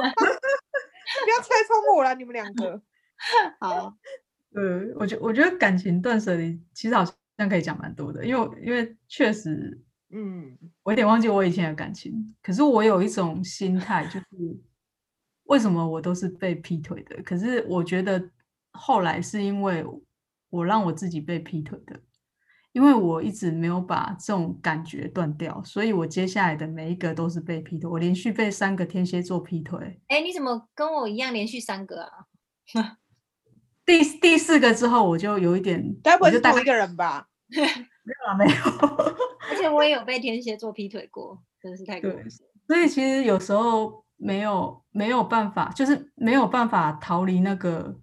要猜錯我了，你們兩個。好，呃我覺我覺得感情斷舍離其實好像可以講蠻多的，因為因為確實。嗯，我有點忘記我以前的感情。可是我有一種心態，就是為什麼我都是被劈腿的？可是我覺得後來是因為我讓我自己被劈腿的，因為我一直沒有把這種感覺斷掉，所以我接下來的每一個都是被劈腿。我連續被三個天蠍座劈腿。哎，你怎麼跟我一樣連續三個啊？第第四個之後，我就有一點，待會就會一個人吧？ 沒有、啊，沒有， 而且我也有被天蠍座劈腿過， 真的是太可惜。所以其實有時候沒有沒有辦法，就是沒有辦法逃離那個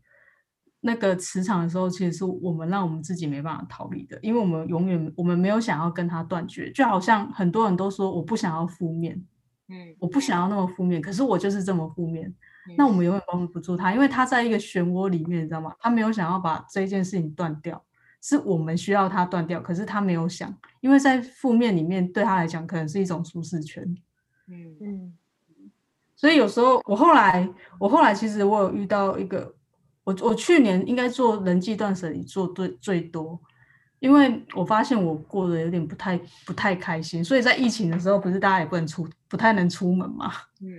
那個磁場的時候，其實是我們讓我們自己沒辦法逃離的，因為我們永遠我們沒有想要跟他斷絕，就好像很多人都說我不想要負面，嗯，我不想要那麼負面，可是我就是這麼負面，嗯、那我們永遠幫不住他，因為他在一個漩渦裡面，你知道嗎？他沒有想要把這件事情斷掉。是我們需要他斷掉，可是他沒有想，因為在負面裡面對他來講，可能是一種舒適圈。嗯嗯，所以有時候我後來，我後來其實我有遇到一個，我我去年應該做人際斷捨離做對最多，因為我發現我過得有點不太不太開心，所以在疫情的時候，不是大家也不能出，不太能出門嘛。嗯。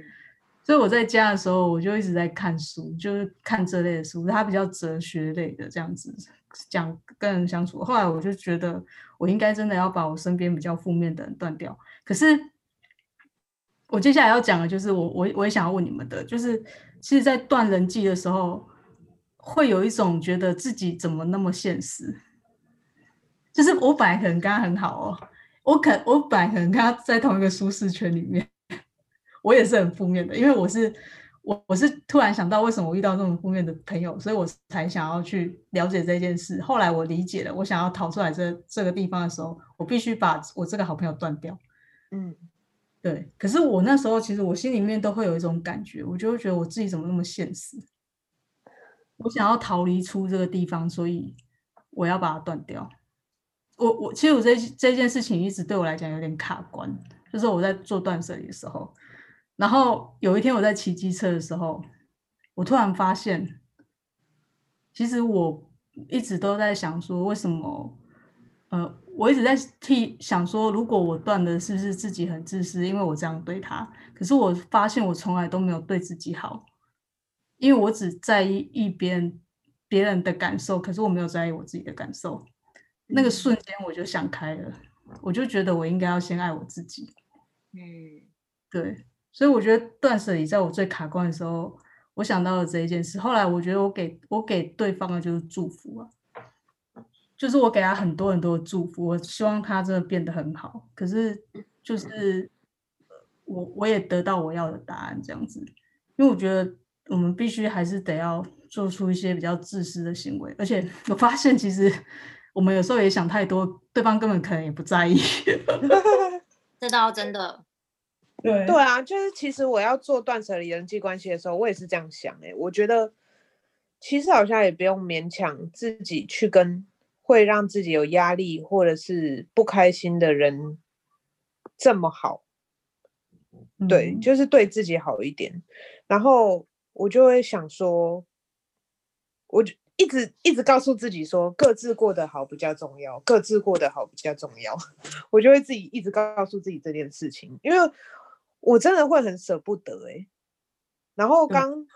所以我在家的時候，我就一直在看書，就是看這類的書，它比較哲學類的這樣子講跟人相處。後來我就覺得，我應該真的要把我身邊比較負面的人斷掉。可是我接下來要講的，就是我我我也想要問你們的，就是其實，在斷人際的時候，會有一種覺得自己怎麼那麼現實？就是我本來可能跟他很好哦，我肯我本來可能跟他在同一個舒適圈裡面。我也是很負面的，因為我是我我是突然想到為什麼我遇到這種負面的朋友，所以我才想要去了解這件事。後來我理解了，我想要逃出來這這個地方的時候，我必須把我這個好朋友斷掉。嗯，對。可是我那時候其實我心裡面都會有一種感覺，我就會覺得我自己怎麼那麼現實？我想要逃離出這個地方，所以我要把它斷掉。我我其實我這這件事情一直對我來講有點卡關，就是我在做斷舍離的時候。然後有一天我在騎機車的時候，我突然發現，其實我一直都在想說，為什麼？呃，我一直在替，想說，如果我斷了，是不是自己很自私？因為我這樣對他，可是我發現我從來都沒有對自己好，因為我只在意一邊別人的感受，可是我沒有在意我自己的感受。那個瞬間我就想開了，我就覺得我應該要先愛我自己。嗯，對。所以我覺得斷捨離在我最卡關的時候，我想到了這一件事。後來我覺得我給我給對方的就是祝福啊，就是我給他很多很多的祝福，我希望他真的變得很好。可是就是我我也得到我要的答案這樣子，因為我覺得我們必須還是得要做出一些比較自私的行為，而且我發現其實我們有時候也想太多，對方根本可能也不在意。這倒真的。對，對啊，就是其實我要做斷捨離人際關係的時候，我也是這樣想，欸、我覺得其實好像也不用勉強自己去跟會讓自己有壓力或者是不開心的人這麼好，嗯、對，就是對自己好一點。然後我就會想說，我就一直一直告訴自己說，各自過得好比較重要，各自過得好比較重要。 我就會自己一直告訴自己這件事情，因為。我真的會很舍不得哎、欸，然後剛、嗯、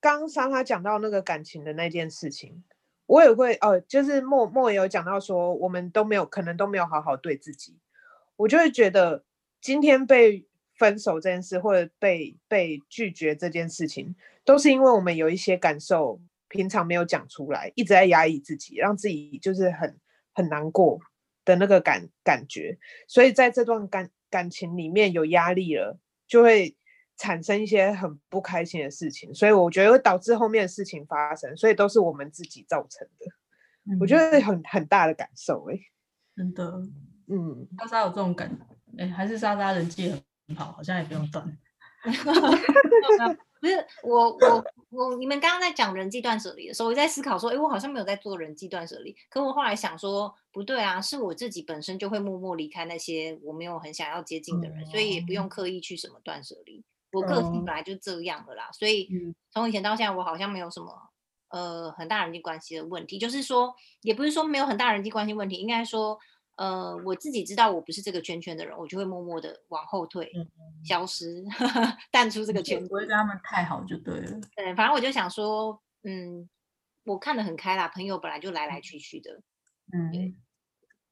剛莎莎講到那個感情的那件事情，我也會哦，就是莫莫有講到說我們都沒有可能都沒有好好對自己，我就會覺得今天被分手這件事或者被被拒絕這件事情，都是因為我們有一些感受平常沒有講出來，一直在壓抑自己，讓自己就是很很難過的那個感感覺，所以在這段感感情裡面有壓力了。就會產生一些很不開心的事情，所以我覺得會導致後面的事情發生，所以都是我們自己造成的。嗯、我覺得很很大的感受哎，真的，嗯，莎莎有這種感覺哎，還是莎莎人際很很好，好像也不用斷。 可是我我我，你們剛剛在講人際斷捨離的時候，我在思考說，哎、欸，我好像沒有在做人際斷捨離。可我後來想說，不對啊，是我自己本身就會默默離開那些我沒有很想要接近的人，嗯、所以也不用刻意去什麼斷捨離。我個性本來就這樣的啦，嗯、所以從以前到現在，我好像沒有什麼呃很大人際關係的問題。就是說，也不是說沒有很大人際關係問題，應該說。呃，我自己知道我不是這個圈圈的人，我就會默默的往後退，嗯、消失， 淡出這個圈，不會對他們太好就對了。對，反正我就想說，嗯，我看得很開啦，朋友本來就來來去去的，嗯，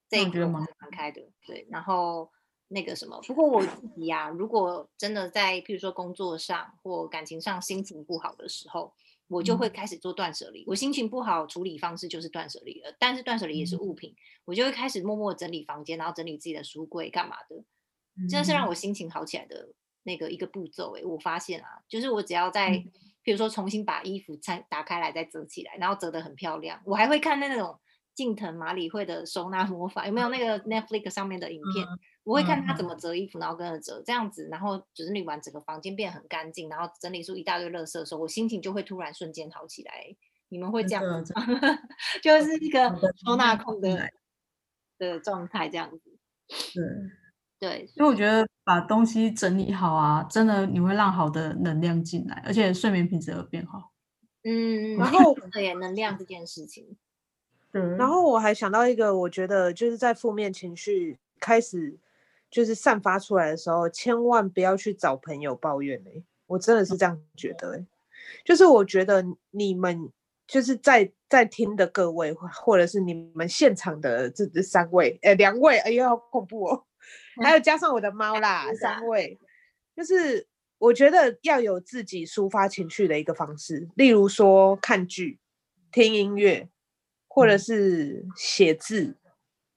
對這個蠻很開的。嗯、對，然後那個什麼，不過我自己呀、啊，如果真的在譬如說工作上或感情上心情不好的時候。我就會開始做斷舍離，嗯、我心情不好處理方式就是斷舍離了。但是斷舍離也是物品，嗯、我就會開始默默整理房間，然後整理自己的書櫃，幹嘛的？真的、嗯、是讓我心情好起來的那個一個步驟、欸、我發現啊，就是我只要在，譬、嗯、如說重新把衣服拆打開來再折起來，然後折得很漂亮，我還會看那種近藤麻理惠的收納魔法，有沒有那個 Netflix 上面的影片？嗯我會看他怎麼折衣服，然後跟着折，嗯、這樣子，然後整理完整個房間變很乾淨，然後整理出一大堆垃圾的時候，我心情就會突然瞬間好起來。你們會這樣嗎？ 就是一個收納控的的狀態，這樣子。是、嗯，對。所以我覺得把東西整理好啊，真的你會讓好的能量進來，而且睡眠品質也變好。嗯，然後 對，能量這件事情。嗯，然後我還想到一個，我覺得就是在負面情緒開始。就是散發出來的時候，千萬不要去找朋友抱怨嘞、欸！我真的是這樣覺得、欸，嗯、就是我覺得你們就是在在聽的各位，或者是你們現場的這這三位，哎、欸，兩位，哎呦，好恐怖哦！嗯、還有加上我的貓啦，三位，嗯、就是我覺得要有自己抒發情緒的一個方式，例如說看劇、聽音樂，或者是寫字。嗯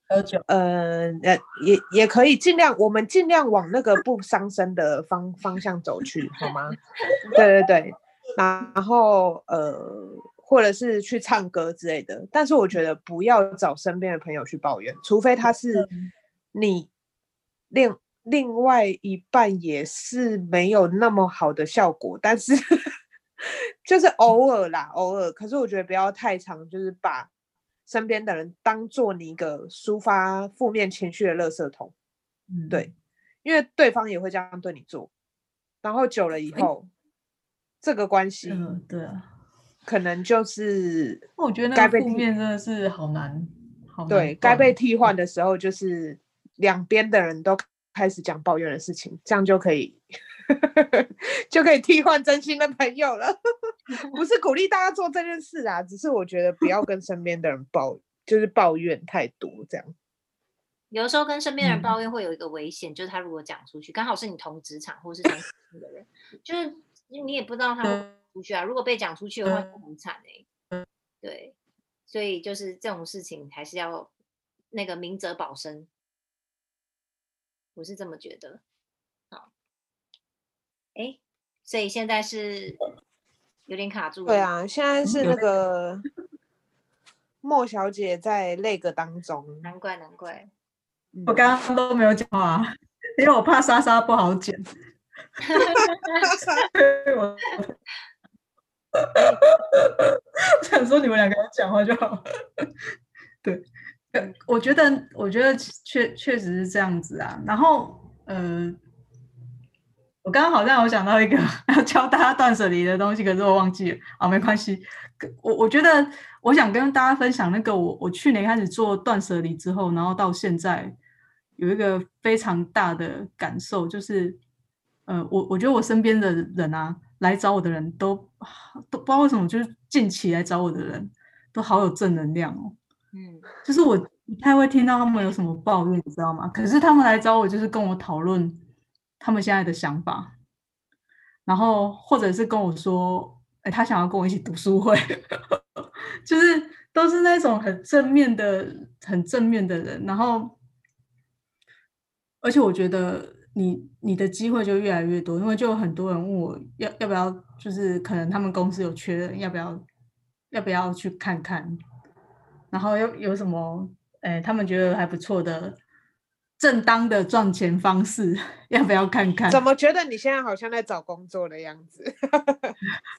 喝酒，呃，呃，也也可以盡量，我們盡量往那個不傷身的方方向走去，好嗎？ 對對對，然後呃，或者是去唱歌之類的。但是我覺得不要找身邊的朋友去抱怨，除非他是你另另外一半，也是沒有那麼好的效果。但是 就是偶爾啦，偶爾。可是我覺得不要太常，就是把身邊的人當做你一個抒發負面情緒的垃圾桶，嗯、對，因為對方也會這樣對你做，然後久了以後，哎、這個關係，對可能就是、嗯，被我覺得那個負面真的是好難，好難，對，該被替換的時候，就是兩邊的人都開始講抱怨的事情，這樣就可以。 就可以替換真心的朋友了， 不是鼓勵大家做這件事啊，只是我覺得不要跟身邊的人抱， 就是抱怨太多這樣。有時候跟身邊人抱怨會有一個危險，嗯、就是他如果講出去，剛好是你同職場或是同職場的人， 就是你也不知道他們出去啊。如果被講出去的話，很慘哎、欸。對，所以就是這種事情還是要那個明哲保身，我是這麼覺得。哎、欸，所以現在是有點卡住了。對啊，現在是那個莫小姐在 lag 當中、嗯。難怪，難怪，嗯、我剛剛都沒有講話，因為我怕莎莎不好剪。哈想說你們兩個人講話就好 對，我覺得，我覺得確確實是這樣子啊。然後，嗯、呃。我剛好讓我想到一個要教大家斷捨離的東西，可是我忘記了。好、啊，沒關係。我我覺得我想跟大家分享那個我我去年開始做斷捨離之後，然後到現在有一個非常大的感受，就是、呃、我我覺得我身邊的人啊，來找我的人都都不知道為什麼，就是近期來找我的人都好有正能量哦。嗯，就是我不太會聽到他們有什麼抱怨，你知道嗎？可是他們來找我就是跟我討論。他們現在的想法，然後或者是跟我說，哎、欸，他想要跟我一起讀書會呵呵，就是都是那種很正面的、很正面的人。然後，而且我覺得你你的機會就越來越多，因為就有很多人問我要要不要，就是可能他們公司有缺人，要不要要不要去看看？然後有有什麼，哎、欸，他們覺得還不錯的。正當的賺錢方式，要不要看看？怎麼覺得你現在好像在找工作的樣子？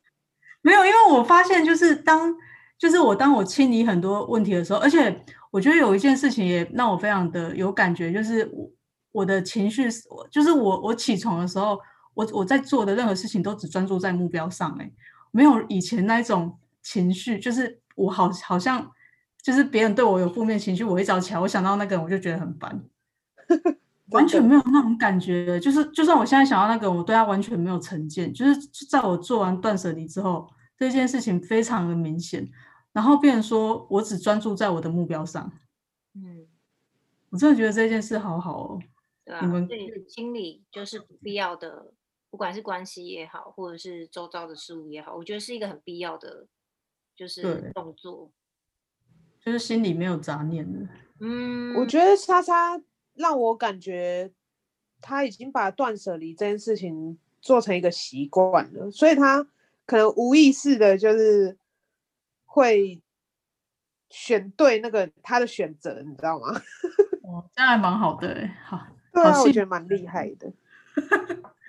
沒有，因為我發現，就是當，就是我當我清理很多問題的時候，而且我覺得有一件事情也讓我非常的有感覺，就是我我的情緒，我就是我我起床的時候，我我在做的任何事情都只專注在目標上，欸，哎，沒有以前那一種情緒，就是我好好像就是別人對我有負面情緒，我一早起來，我想到那個人，我就覺得很煩。 完全沒有那種感覺，就是就算我現在想要那個，我對他完全沒有成見，就是在我做完斷捨離之後，這件事情非常的明顯。然後變成說我只專注在我的目標上，嗯，我真的覺得這件事好好哦。對啊，你們對心裡就是不必要的，不管是關係也好，或者是周遭的事物也好，我覺得是一個很必要的，就是動作，就是心裡沒有雜念的。嗯，我覺得莎莎。讓我感覺他已經把斷舍離這件事情做成一個習慣了，所以他可能無意識的就是會選對那個他的選擇，你知道嗎？哦，這樣還蠻好的，好，那、啊、我覺得蠻厲害的。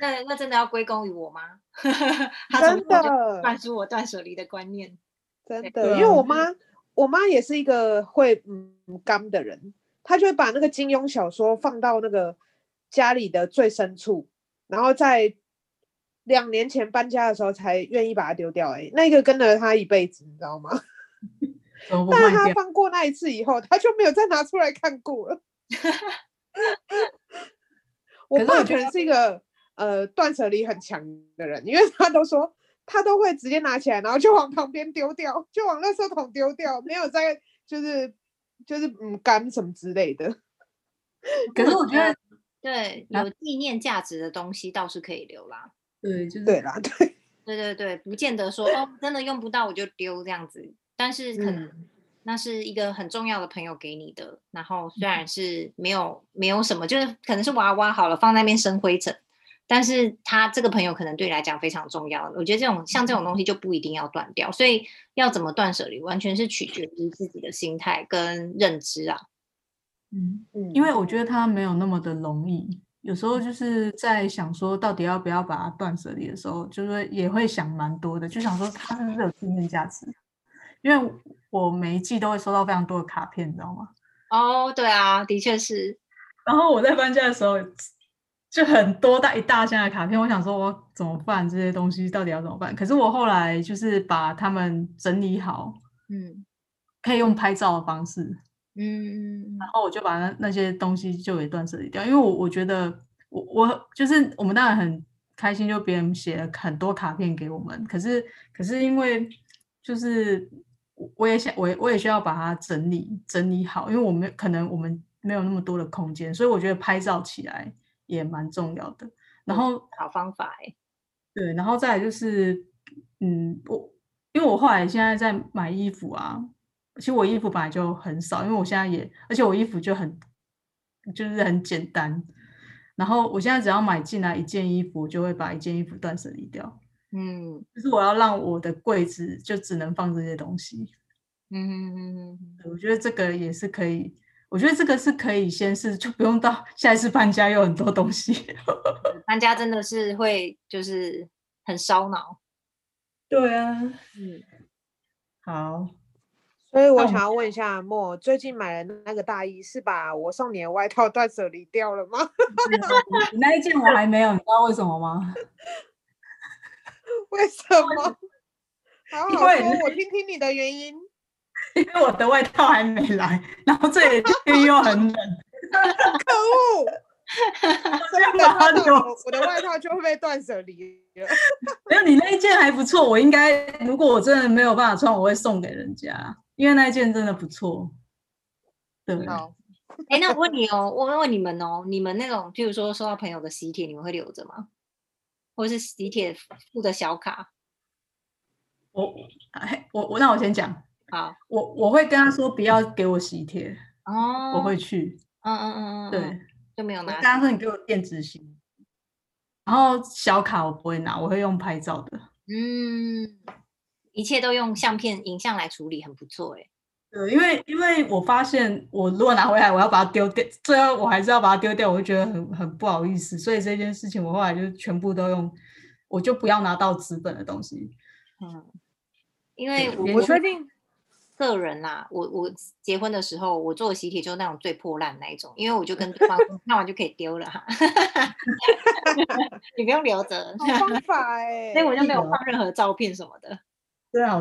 那那真的要歸功於我媽， 他總 真的灌輸的我，我斷舍離的觀念，真的，對因為我媽我媽也是一個會嗯剛的人。他就會把那個金庸小說放到那個家裡的最深處，然後在兩年前搬家的時候才願意把它丟掉、欸。哎，那個跟了他一輩子，你知道嗎？嗯、但他翻過那一次以後，他就沒有再拿出來看過了。 我爸可能是一個是呃斷舍離很強的人，因為他都說他都會直接拿起來，然後就往旁邊丟掉，就往垃圾桶丟掉，沒有再就是。就是嗯，幹什麼之類的。可是我覺得， 對，有紀念價值的東西倒是可以留啦。對，就是對啦，對，對對對，不見得說哦，真的用不到我就丟這樣子。但是可能那是一個很重要的朋友給你的，然後雖然是沒有沒有什麼，就是可能是娃娃好了，放在那邊生灰塵。但是他這個朋友可能對你來講非常重要的，我覺得這種像這種東西就不一定要斷掉，所以要怎麼斷捨離，完全是取決於自己的心態跟認知啊。嗯嗯，因為我覺得他沒有那麼的容易，有時候就是在想說，到底要不要把他斷捨離的時候，就是也會想蠻多的，就想說他是不是有紀念價值。因為我每一季都會收到非常多的卡片，你知道嗎？哦，oh, 對啊，的確是。然後我在搬家的時候。就很多大一大箱的卡片，我想說，我怎麼辦？這些東西到底要怎麼辦？可是我後來就是把他們整理好，嗯，可以用拍照的方式，嗯，然後我就把那那些東西就給斷捨離掉。因為我我覺得我，我我就是我們當然很開心，就別人寫了很多卡片給我們，可是可是因為就是我也我也想我我也需要把它整理整理好，因為我們可能我們沒有那麼多的空間，所以我覺得拍照起來。也蠻重要的，然後、嗯、好方法哎！對，然後再來就是，嗯，我因為我後來現在在買衣服啊，其實我衣服本來就很少，因為我現在也，而且我衣服就很就是很簡單，然後我現在只要買進來一件衣服，就會把一件衣服斷捨離掉，嗯，就是我要讓我的櫃子就只能放這些東西，嗯哼哼哼，我覺得這個也是可以。我覺得這個是可以先試，就不用到下一次搬家又有很多東西。 搬家真的是會就是很燒腦。對啊，嗯，好。所以我想要問一下莫，嗯、最近買了那個大衣是把我送你的外套斷捨離掉了嗎？ 那一件我還沒有，你知道為什麼嗎？ 為什麼？ 因為 好好說，我聽聽你的原因。因為我的外套還沒來，然後這天又很冷，可惡！所以馬上我我的外套就會被斷捨離了。 沒有，你那一件還不錯，我應該，如果我真的沒有辦法穿，我會送給人家，因為那一件真的不錯。對。哎，那我問你哦，我問，問你們哦，你們那種譬如說收到朋友的喜帖，你們會留着嗎？或是喜帖附的小卡？我我我那我先講。好，我我會跟他說不要給我喜帖哦，我會去，嗯嗯嗯嗯，嗯嗯對，就沒有拿。跟他說你給我電子信，然後小卡我不會拿，我會用拍照的。嗯，一切都用相片、影像來處理，很不錯哎、欸。對，因為因為我發現我如果拿回來，我要把它丟掉，最後我還是要把它丟掉，我就覺得很很不好意思。所以這件事情，我後來就全部都用，我就不要拿到紙本的東西。嗯，因為我確定。個人啦、啊，我我結婚的時候，我做的喜帖就是那種最破爛那一種，因為我就跟對方 看完就可以丟了， 你不用留着。好方法耶， 所以我就沒有放任何照片什麼的，真 好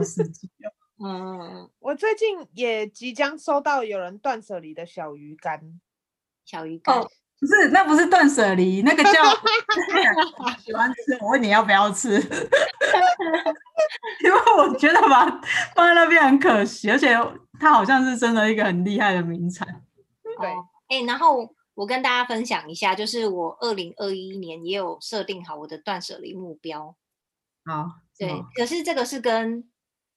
嗯 我最近也即將收到有人斷舍離的小魚乾，小魚乾。Oh. 不是，那不是斷捨離，那個叫 我喜歡吃。我問你要不要吃， 因為我覺得吧，放在那邊很可惜，而且它好像是真的一個很厲害的名產。對、哦，哎、欸，然後我跟大家分享一下，就是我二零二一年也有設定好我的斷捨離目標。好、哦，對，嗯、可是這個是跟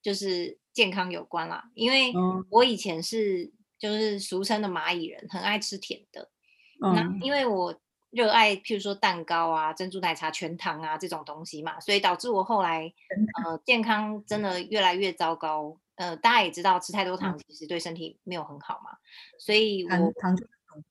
就是健康有關啦，因為我以前是就是俗稱的螞蟻人，很愛吃甜的。嗯、那因為我熱愛，譬如說蛋糕啊、珍珠奶茶、全糖啊這種東西嘛，所以導致我後來的呃健康真的越來越糟糕。呃，大家也知道，吃太多糖其實對身體沒有很好嘛，所以我糖，糖就很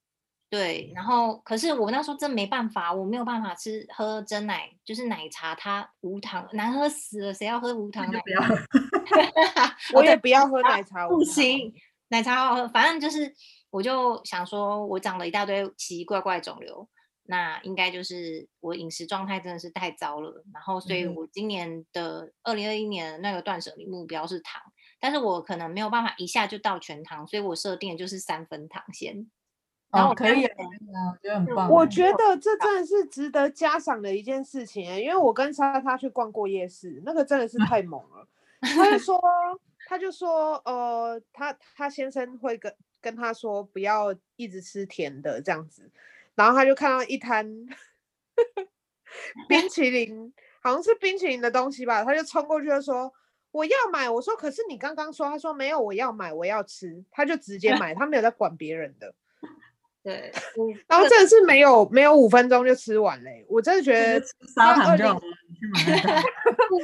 對。然後可是我那時候真沒辦法，我沒有辦法吃喝珍奶，就是奶茶它無糖難喝死了，誰要喝無糖？不要， 我也不要喝奶茶、啊，不行，奶茶好，好喝，反正就是。我就想說，我長了一大堆奇奇怪怪的腫瘤，那應該就是我飲食狀態真的是太糟了。然後，所以我今年的二零二一年那個斷捨離目標是糖，但是我可能沒有辦法一下就到全糖，所以我設定就是三分糖先。然後、哦、可以啊，我覺得很棒。我覺得這真的是值得嘉賞的一件事情，因為我跟莎莎去逛過夜市，那個真的是太猛了。他就說，他就說，呃，他他先生會跟。跟他說不要一直吃甜的這樣子，然後他就看到一攤 冰淇淋，好像是冰淇淋的東西吧，他就衝過去就說我要買。我說可是你剛剛說，他說沒有我要買我要吃，他就直接買，他沒有在管別人的。對，然後這次是沒有、這個、沒有五分鐘就吃完嘞、欸，我真的覺得 20, 吃砂糖就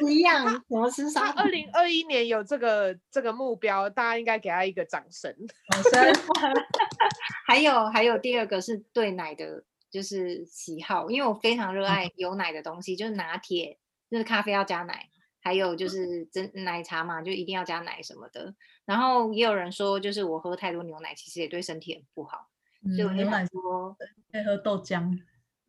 不一樣。怎麼吃砂？二零二一年有這個這個目標，大家應該給他一個掌聲。掌聲。 還有還有第二個是對奶的，就是喜好，因為我非常熱愛有奶的東西，嗯、就是拿鐵，就是咖啡要加奶，還有就是真奶茶嘛，就一定要加奶什麼的。然後也有人說，就是我喝太多牛奶，其實也對身體很不好。所以我就多、嗯、買可以喝豆漿，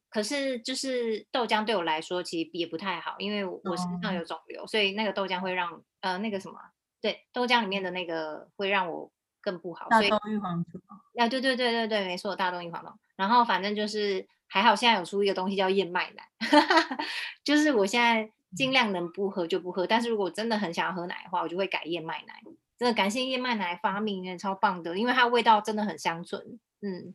可是就是豆漿對我來說其實也不太好，因為我身上有腫瘤，所以那個豆漿會讓呃那個什麼，對，豆漿裡面的那個會讓我更不好。所以大豆異黃酮啊，對對對對對，沒錯，大豆異黃酮，然後反正就是還好，現在有出一個東西叫燕麥奶， 就是我現在盡量能不喝就不喝，但是如果真的很想要喝奶的話，我就會改燕麥奶。真的感謝燕麥奶的發明，也超棒的，因為它的味道真的很香醇。嗯，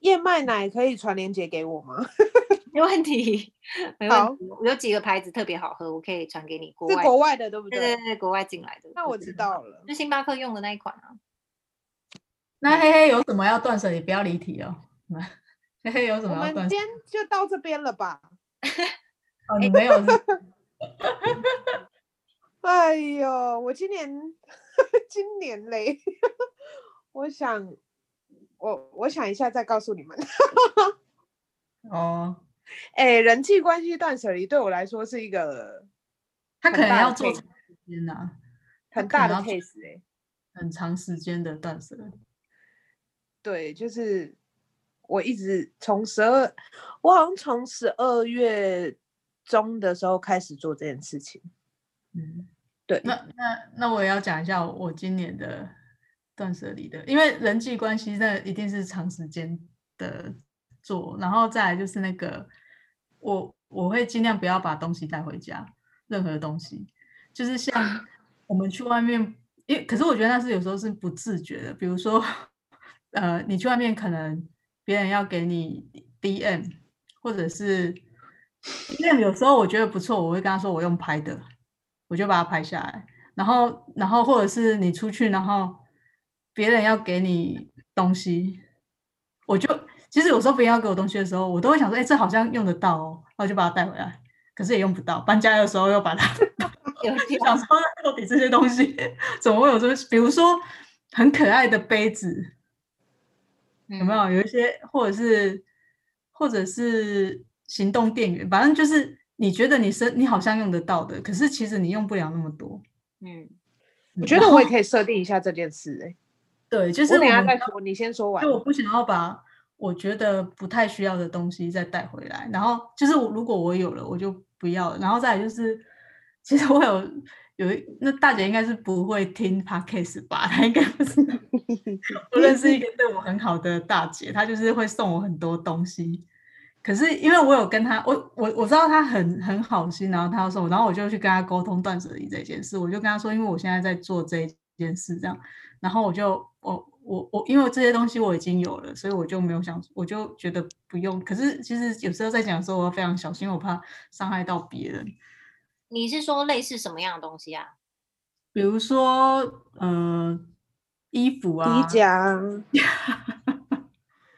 燕麥奶可以傳連結給我嗎？ 沒問題，沒問題，好，我有幾個牌子特別好喝，我可以傳給你國外。是國外的對不對？對，對，對，國外進來的。那我知道了，就是就星巴克用的那一款啊。那嘿嘿有什麼要斷捨？也不要離題哦。那嘿嘿有什麼要斷？我們今天就到這邊了吧？ 哦，你沒有。 哎呦，我今年今年嘞，我想我我想一下再告訴你們。哦，哎，人際關係斷捨離對我來說是一個很大的，他可能要做長時間、啊、很大的 case、欸、他可能要做很長時間的斷捨離。對，就是我一直從十二，我好像從十二月中的時候開始做這件事情，嗯。對，那那那我也要講一下我，我今年的斷捨離的，因為人際關係那一定是長時間的做，然後再來就是那個我我會盡量不要把東西帶回家，任何東西，就是像我們去外面，因為可是我覺得那是有時候是不自覺的，比如說呃你去外面可能別人要給你 DM，或者是因為有時候我覺得不錯，我會跟他說我用拍的。我就把它拍下來，然後，然後，或者是你出去，然後別人要給你東西，我就其實有時候別人要給我東西的時候，我都會想說，哎、欸，這好像用得到哦，然後就把它帶回來，可是也用不到。搬家的時候又把它丟 想說到底這些東西怎麼會有這？說比如說很可愛的杯子，有沒有？有一些，或者是或者是行動電源，反正就是。你覺得你是你好像用得到的，可是其實你用不了那麼多。嗯，我覺得我也可以設定一下這件事、欸。哎，對，就是你我，要我再說，你先說完。就我不想要把我覺得不太需要的東西再帶回來。然後就是如果我有了，我就不要了。然後再來就是，其實我有有那大姐應該是不會聽 podcast 吧？她應該不是。 我認識一個對我很好的大姐，她 就是會送我很多東西。可是因為我有跟他，我我我知道他很很好心，然後他說，然後我就去跟他溝通斷捨離這件事，我就跟他說，因為我現在在做這件事，這樣，然後我就我我我，因為這些東西我已經有了，所以我就沒有想，我就覺得不用。可是其實有時候在講的時候，我會非常小心，我怕傷害到別人。你是說類似什麼樣的東西啊？比如說，呃，衣服啊，皮夾，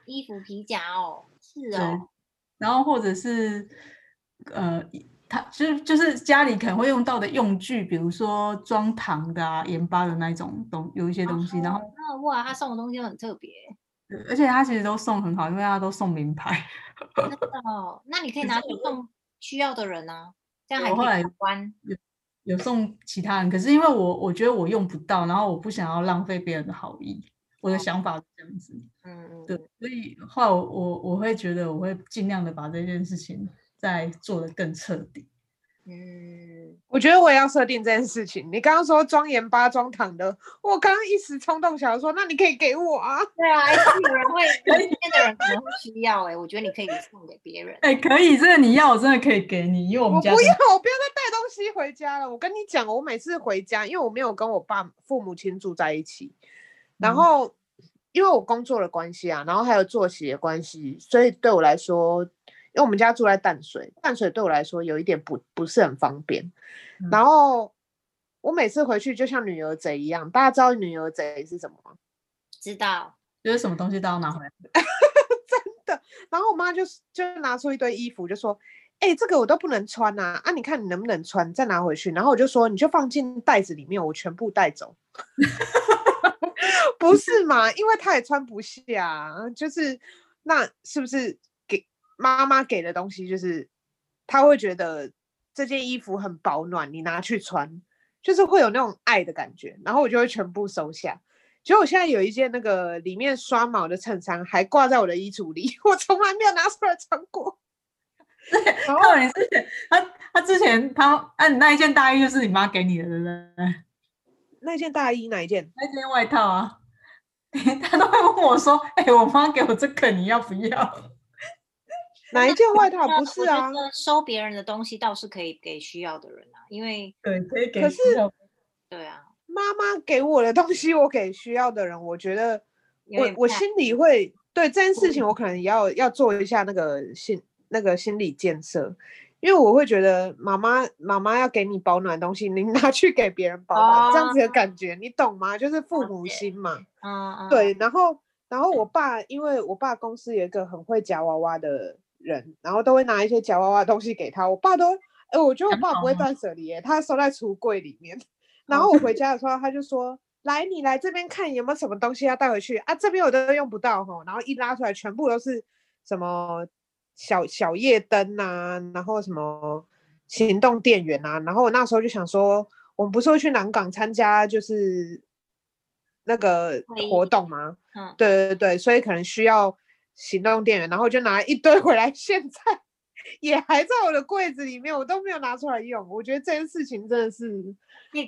衣服皮夾哦，是哦。然後或者是，呃，他就是就是家裡可能會用到的用具，比如說裝糖的啊、鹽巴的那一種東，有一些東西。Oh, 然後，哇，他送的東西很特別，而且他其實都送很好，因為他都送名牌。哦，oh, 那你可以拿去送需要的人啊，這樣還後來有有有送其他人，可是因為我我覺得我用不到，然後我不想要浪費別人的好意。我的想法這樣子，嗯，對，所以話我我我會覺得我會盡量的把這件事情再做得更徹底。嗯，我覺得我也要設定這件事情。你剛剛說裝鹽巴、裝糖的，我剛剛一時衝動想要說，那你可以給我啊？對啊，身、欸、邊 的人會，身邊的人可能需要、欸。哎，我覺得你可以送給別人、啊。哎、欸，可以，真的你要我真的可以給你，因為我們家我不要，我不要再帶東西回家了。我跟你講，我每次回家，因為我沒有跟我爸父母親住在一起。然後，因為我工作的關係啊，然後還有作息的關係，所以對我來說，因為我們家住在淡水，淡水對我來說有一點不不是很方便。嗯、然後我每次回去就像女兒賊一樣，大家知道女兒賊是什麼嗎？知道，就是什麼東西都要拿回來， 真的。然後我媽就就拿出一堆衣服，就說：“哎、欸，這個我都不能穿吶、啊，啊，你看你能不能穿，再拿回去。”然後我就說：“你就放進袋子裡面，我全部帶走。” 不是嘛？因為他也穿不下，就是那是不是給媽媽給的東西？就是他會覺得這件衣服很保暖，你拿去穿，就是會有那種愛的感覺。然後我就會全部收下。結果我現在有一件那個裡面刷毛的襯衫，還掛在我的衣櫥裡，我從來沒有拿出來穿過。對， 然後你之前他他之前他哎，那一件大衣就是你媽給你的了呢？那件大衣哪一件？那件外套啊。 他都會問我說：“哎、欸，我媽給我這個，你要不要？哪一件外套不是啊？我收別人的東西倒是可以給需要的人啊，因為對可以給。可是對啊，媽媽給我的東西，我給需要的人，我覺得我我心裡會對這件事情，我可能要要做一下那個心那個心理建設。”因為我會覺得媽媽媽媽要給你保暖東西，你拿去給別人保暖，oh. 這樣子的感覺，你懂嗎？就是父母心嘛。嗯，Okay . oh. 對。然後，然後我爸因為我爸公司有一個很會夾娃娃的人，然後都會拿一些夾娃娃的東西給他。我爸都誒，我覺得我爸不會斷舍離耶，他收在櫥櫃裡面。然後我回家的時候，他就說：“ 來，你來這邊看有沒有什麼東西要帶回去啊？這邊我都用不到吼，哦，然後一拉出來，全部都是什麼？小小夜燈啊，然後什麼行動電源啊，然後我那時候就想說，我們不是會去南港參加就是那個活動嗎、啊？以對對對，嗯，所以可能需要行動電源，然後就拿一堆回來，現在也還在我的櫃子裡面，我都沒有拿出來用。我覺得這件事情真的是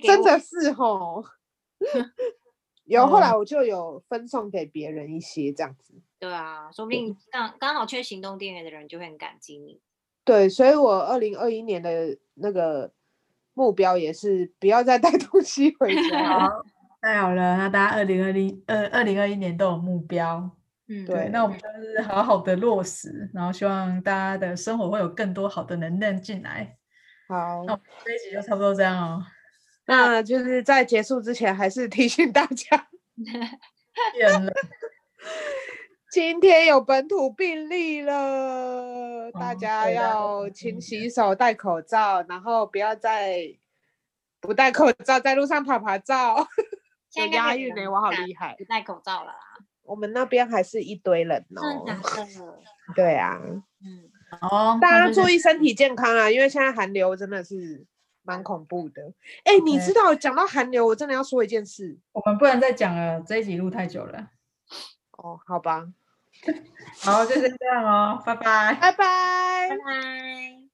真的是吼， 有後來我就有分送給別人一些這樣子。對啊，說不定剛對剛好缺行動電源的人就會很感激你！對，所以我二零二一年的那個目標也是不要再帶東西回家。太 好，好了，那大家二零二零二二零二一年都有目標。嗯，對，嗯、那我們就是好好的落實，然後希望大家的生活會有更多好的能量進來。好，那我們這一集就差不多這樣。哦， 那就是在結束之前，還是提醒大家。 了 今天有本土病例了，大家要勤洗手、戴口罩，然後不要再不戴口罩在路上跑跑照，有押韻沒？我好厲害！不戴口罩了，我們那邊還是一堆人呢。對啊，嗯哦，大家要注意身體健康啊，因為現在寒流真的是蠻恐怖的。哎，你知道，講到寒流，我真的要說一件事。我們不能再講了，這一集錄太久了。哦，好吧。 好，就是這樣哦，拜拜，拜拜，拜拜。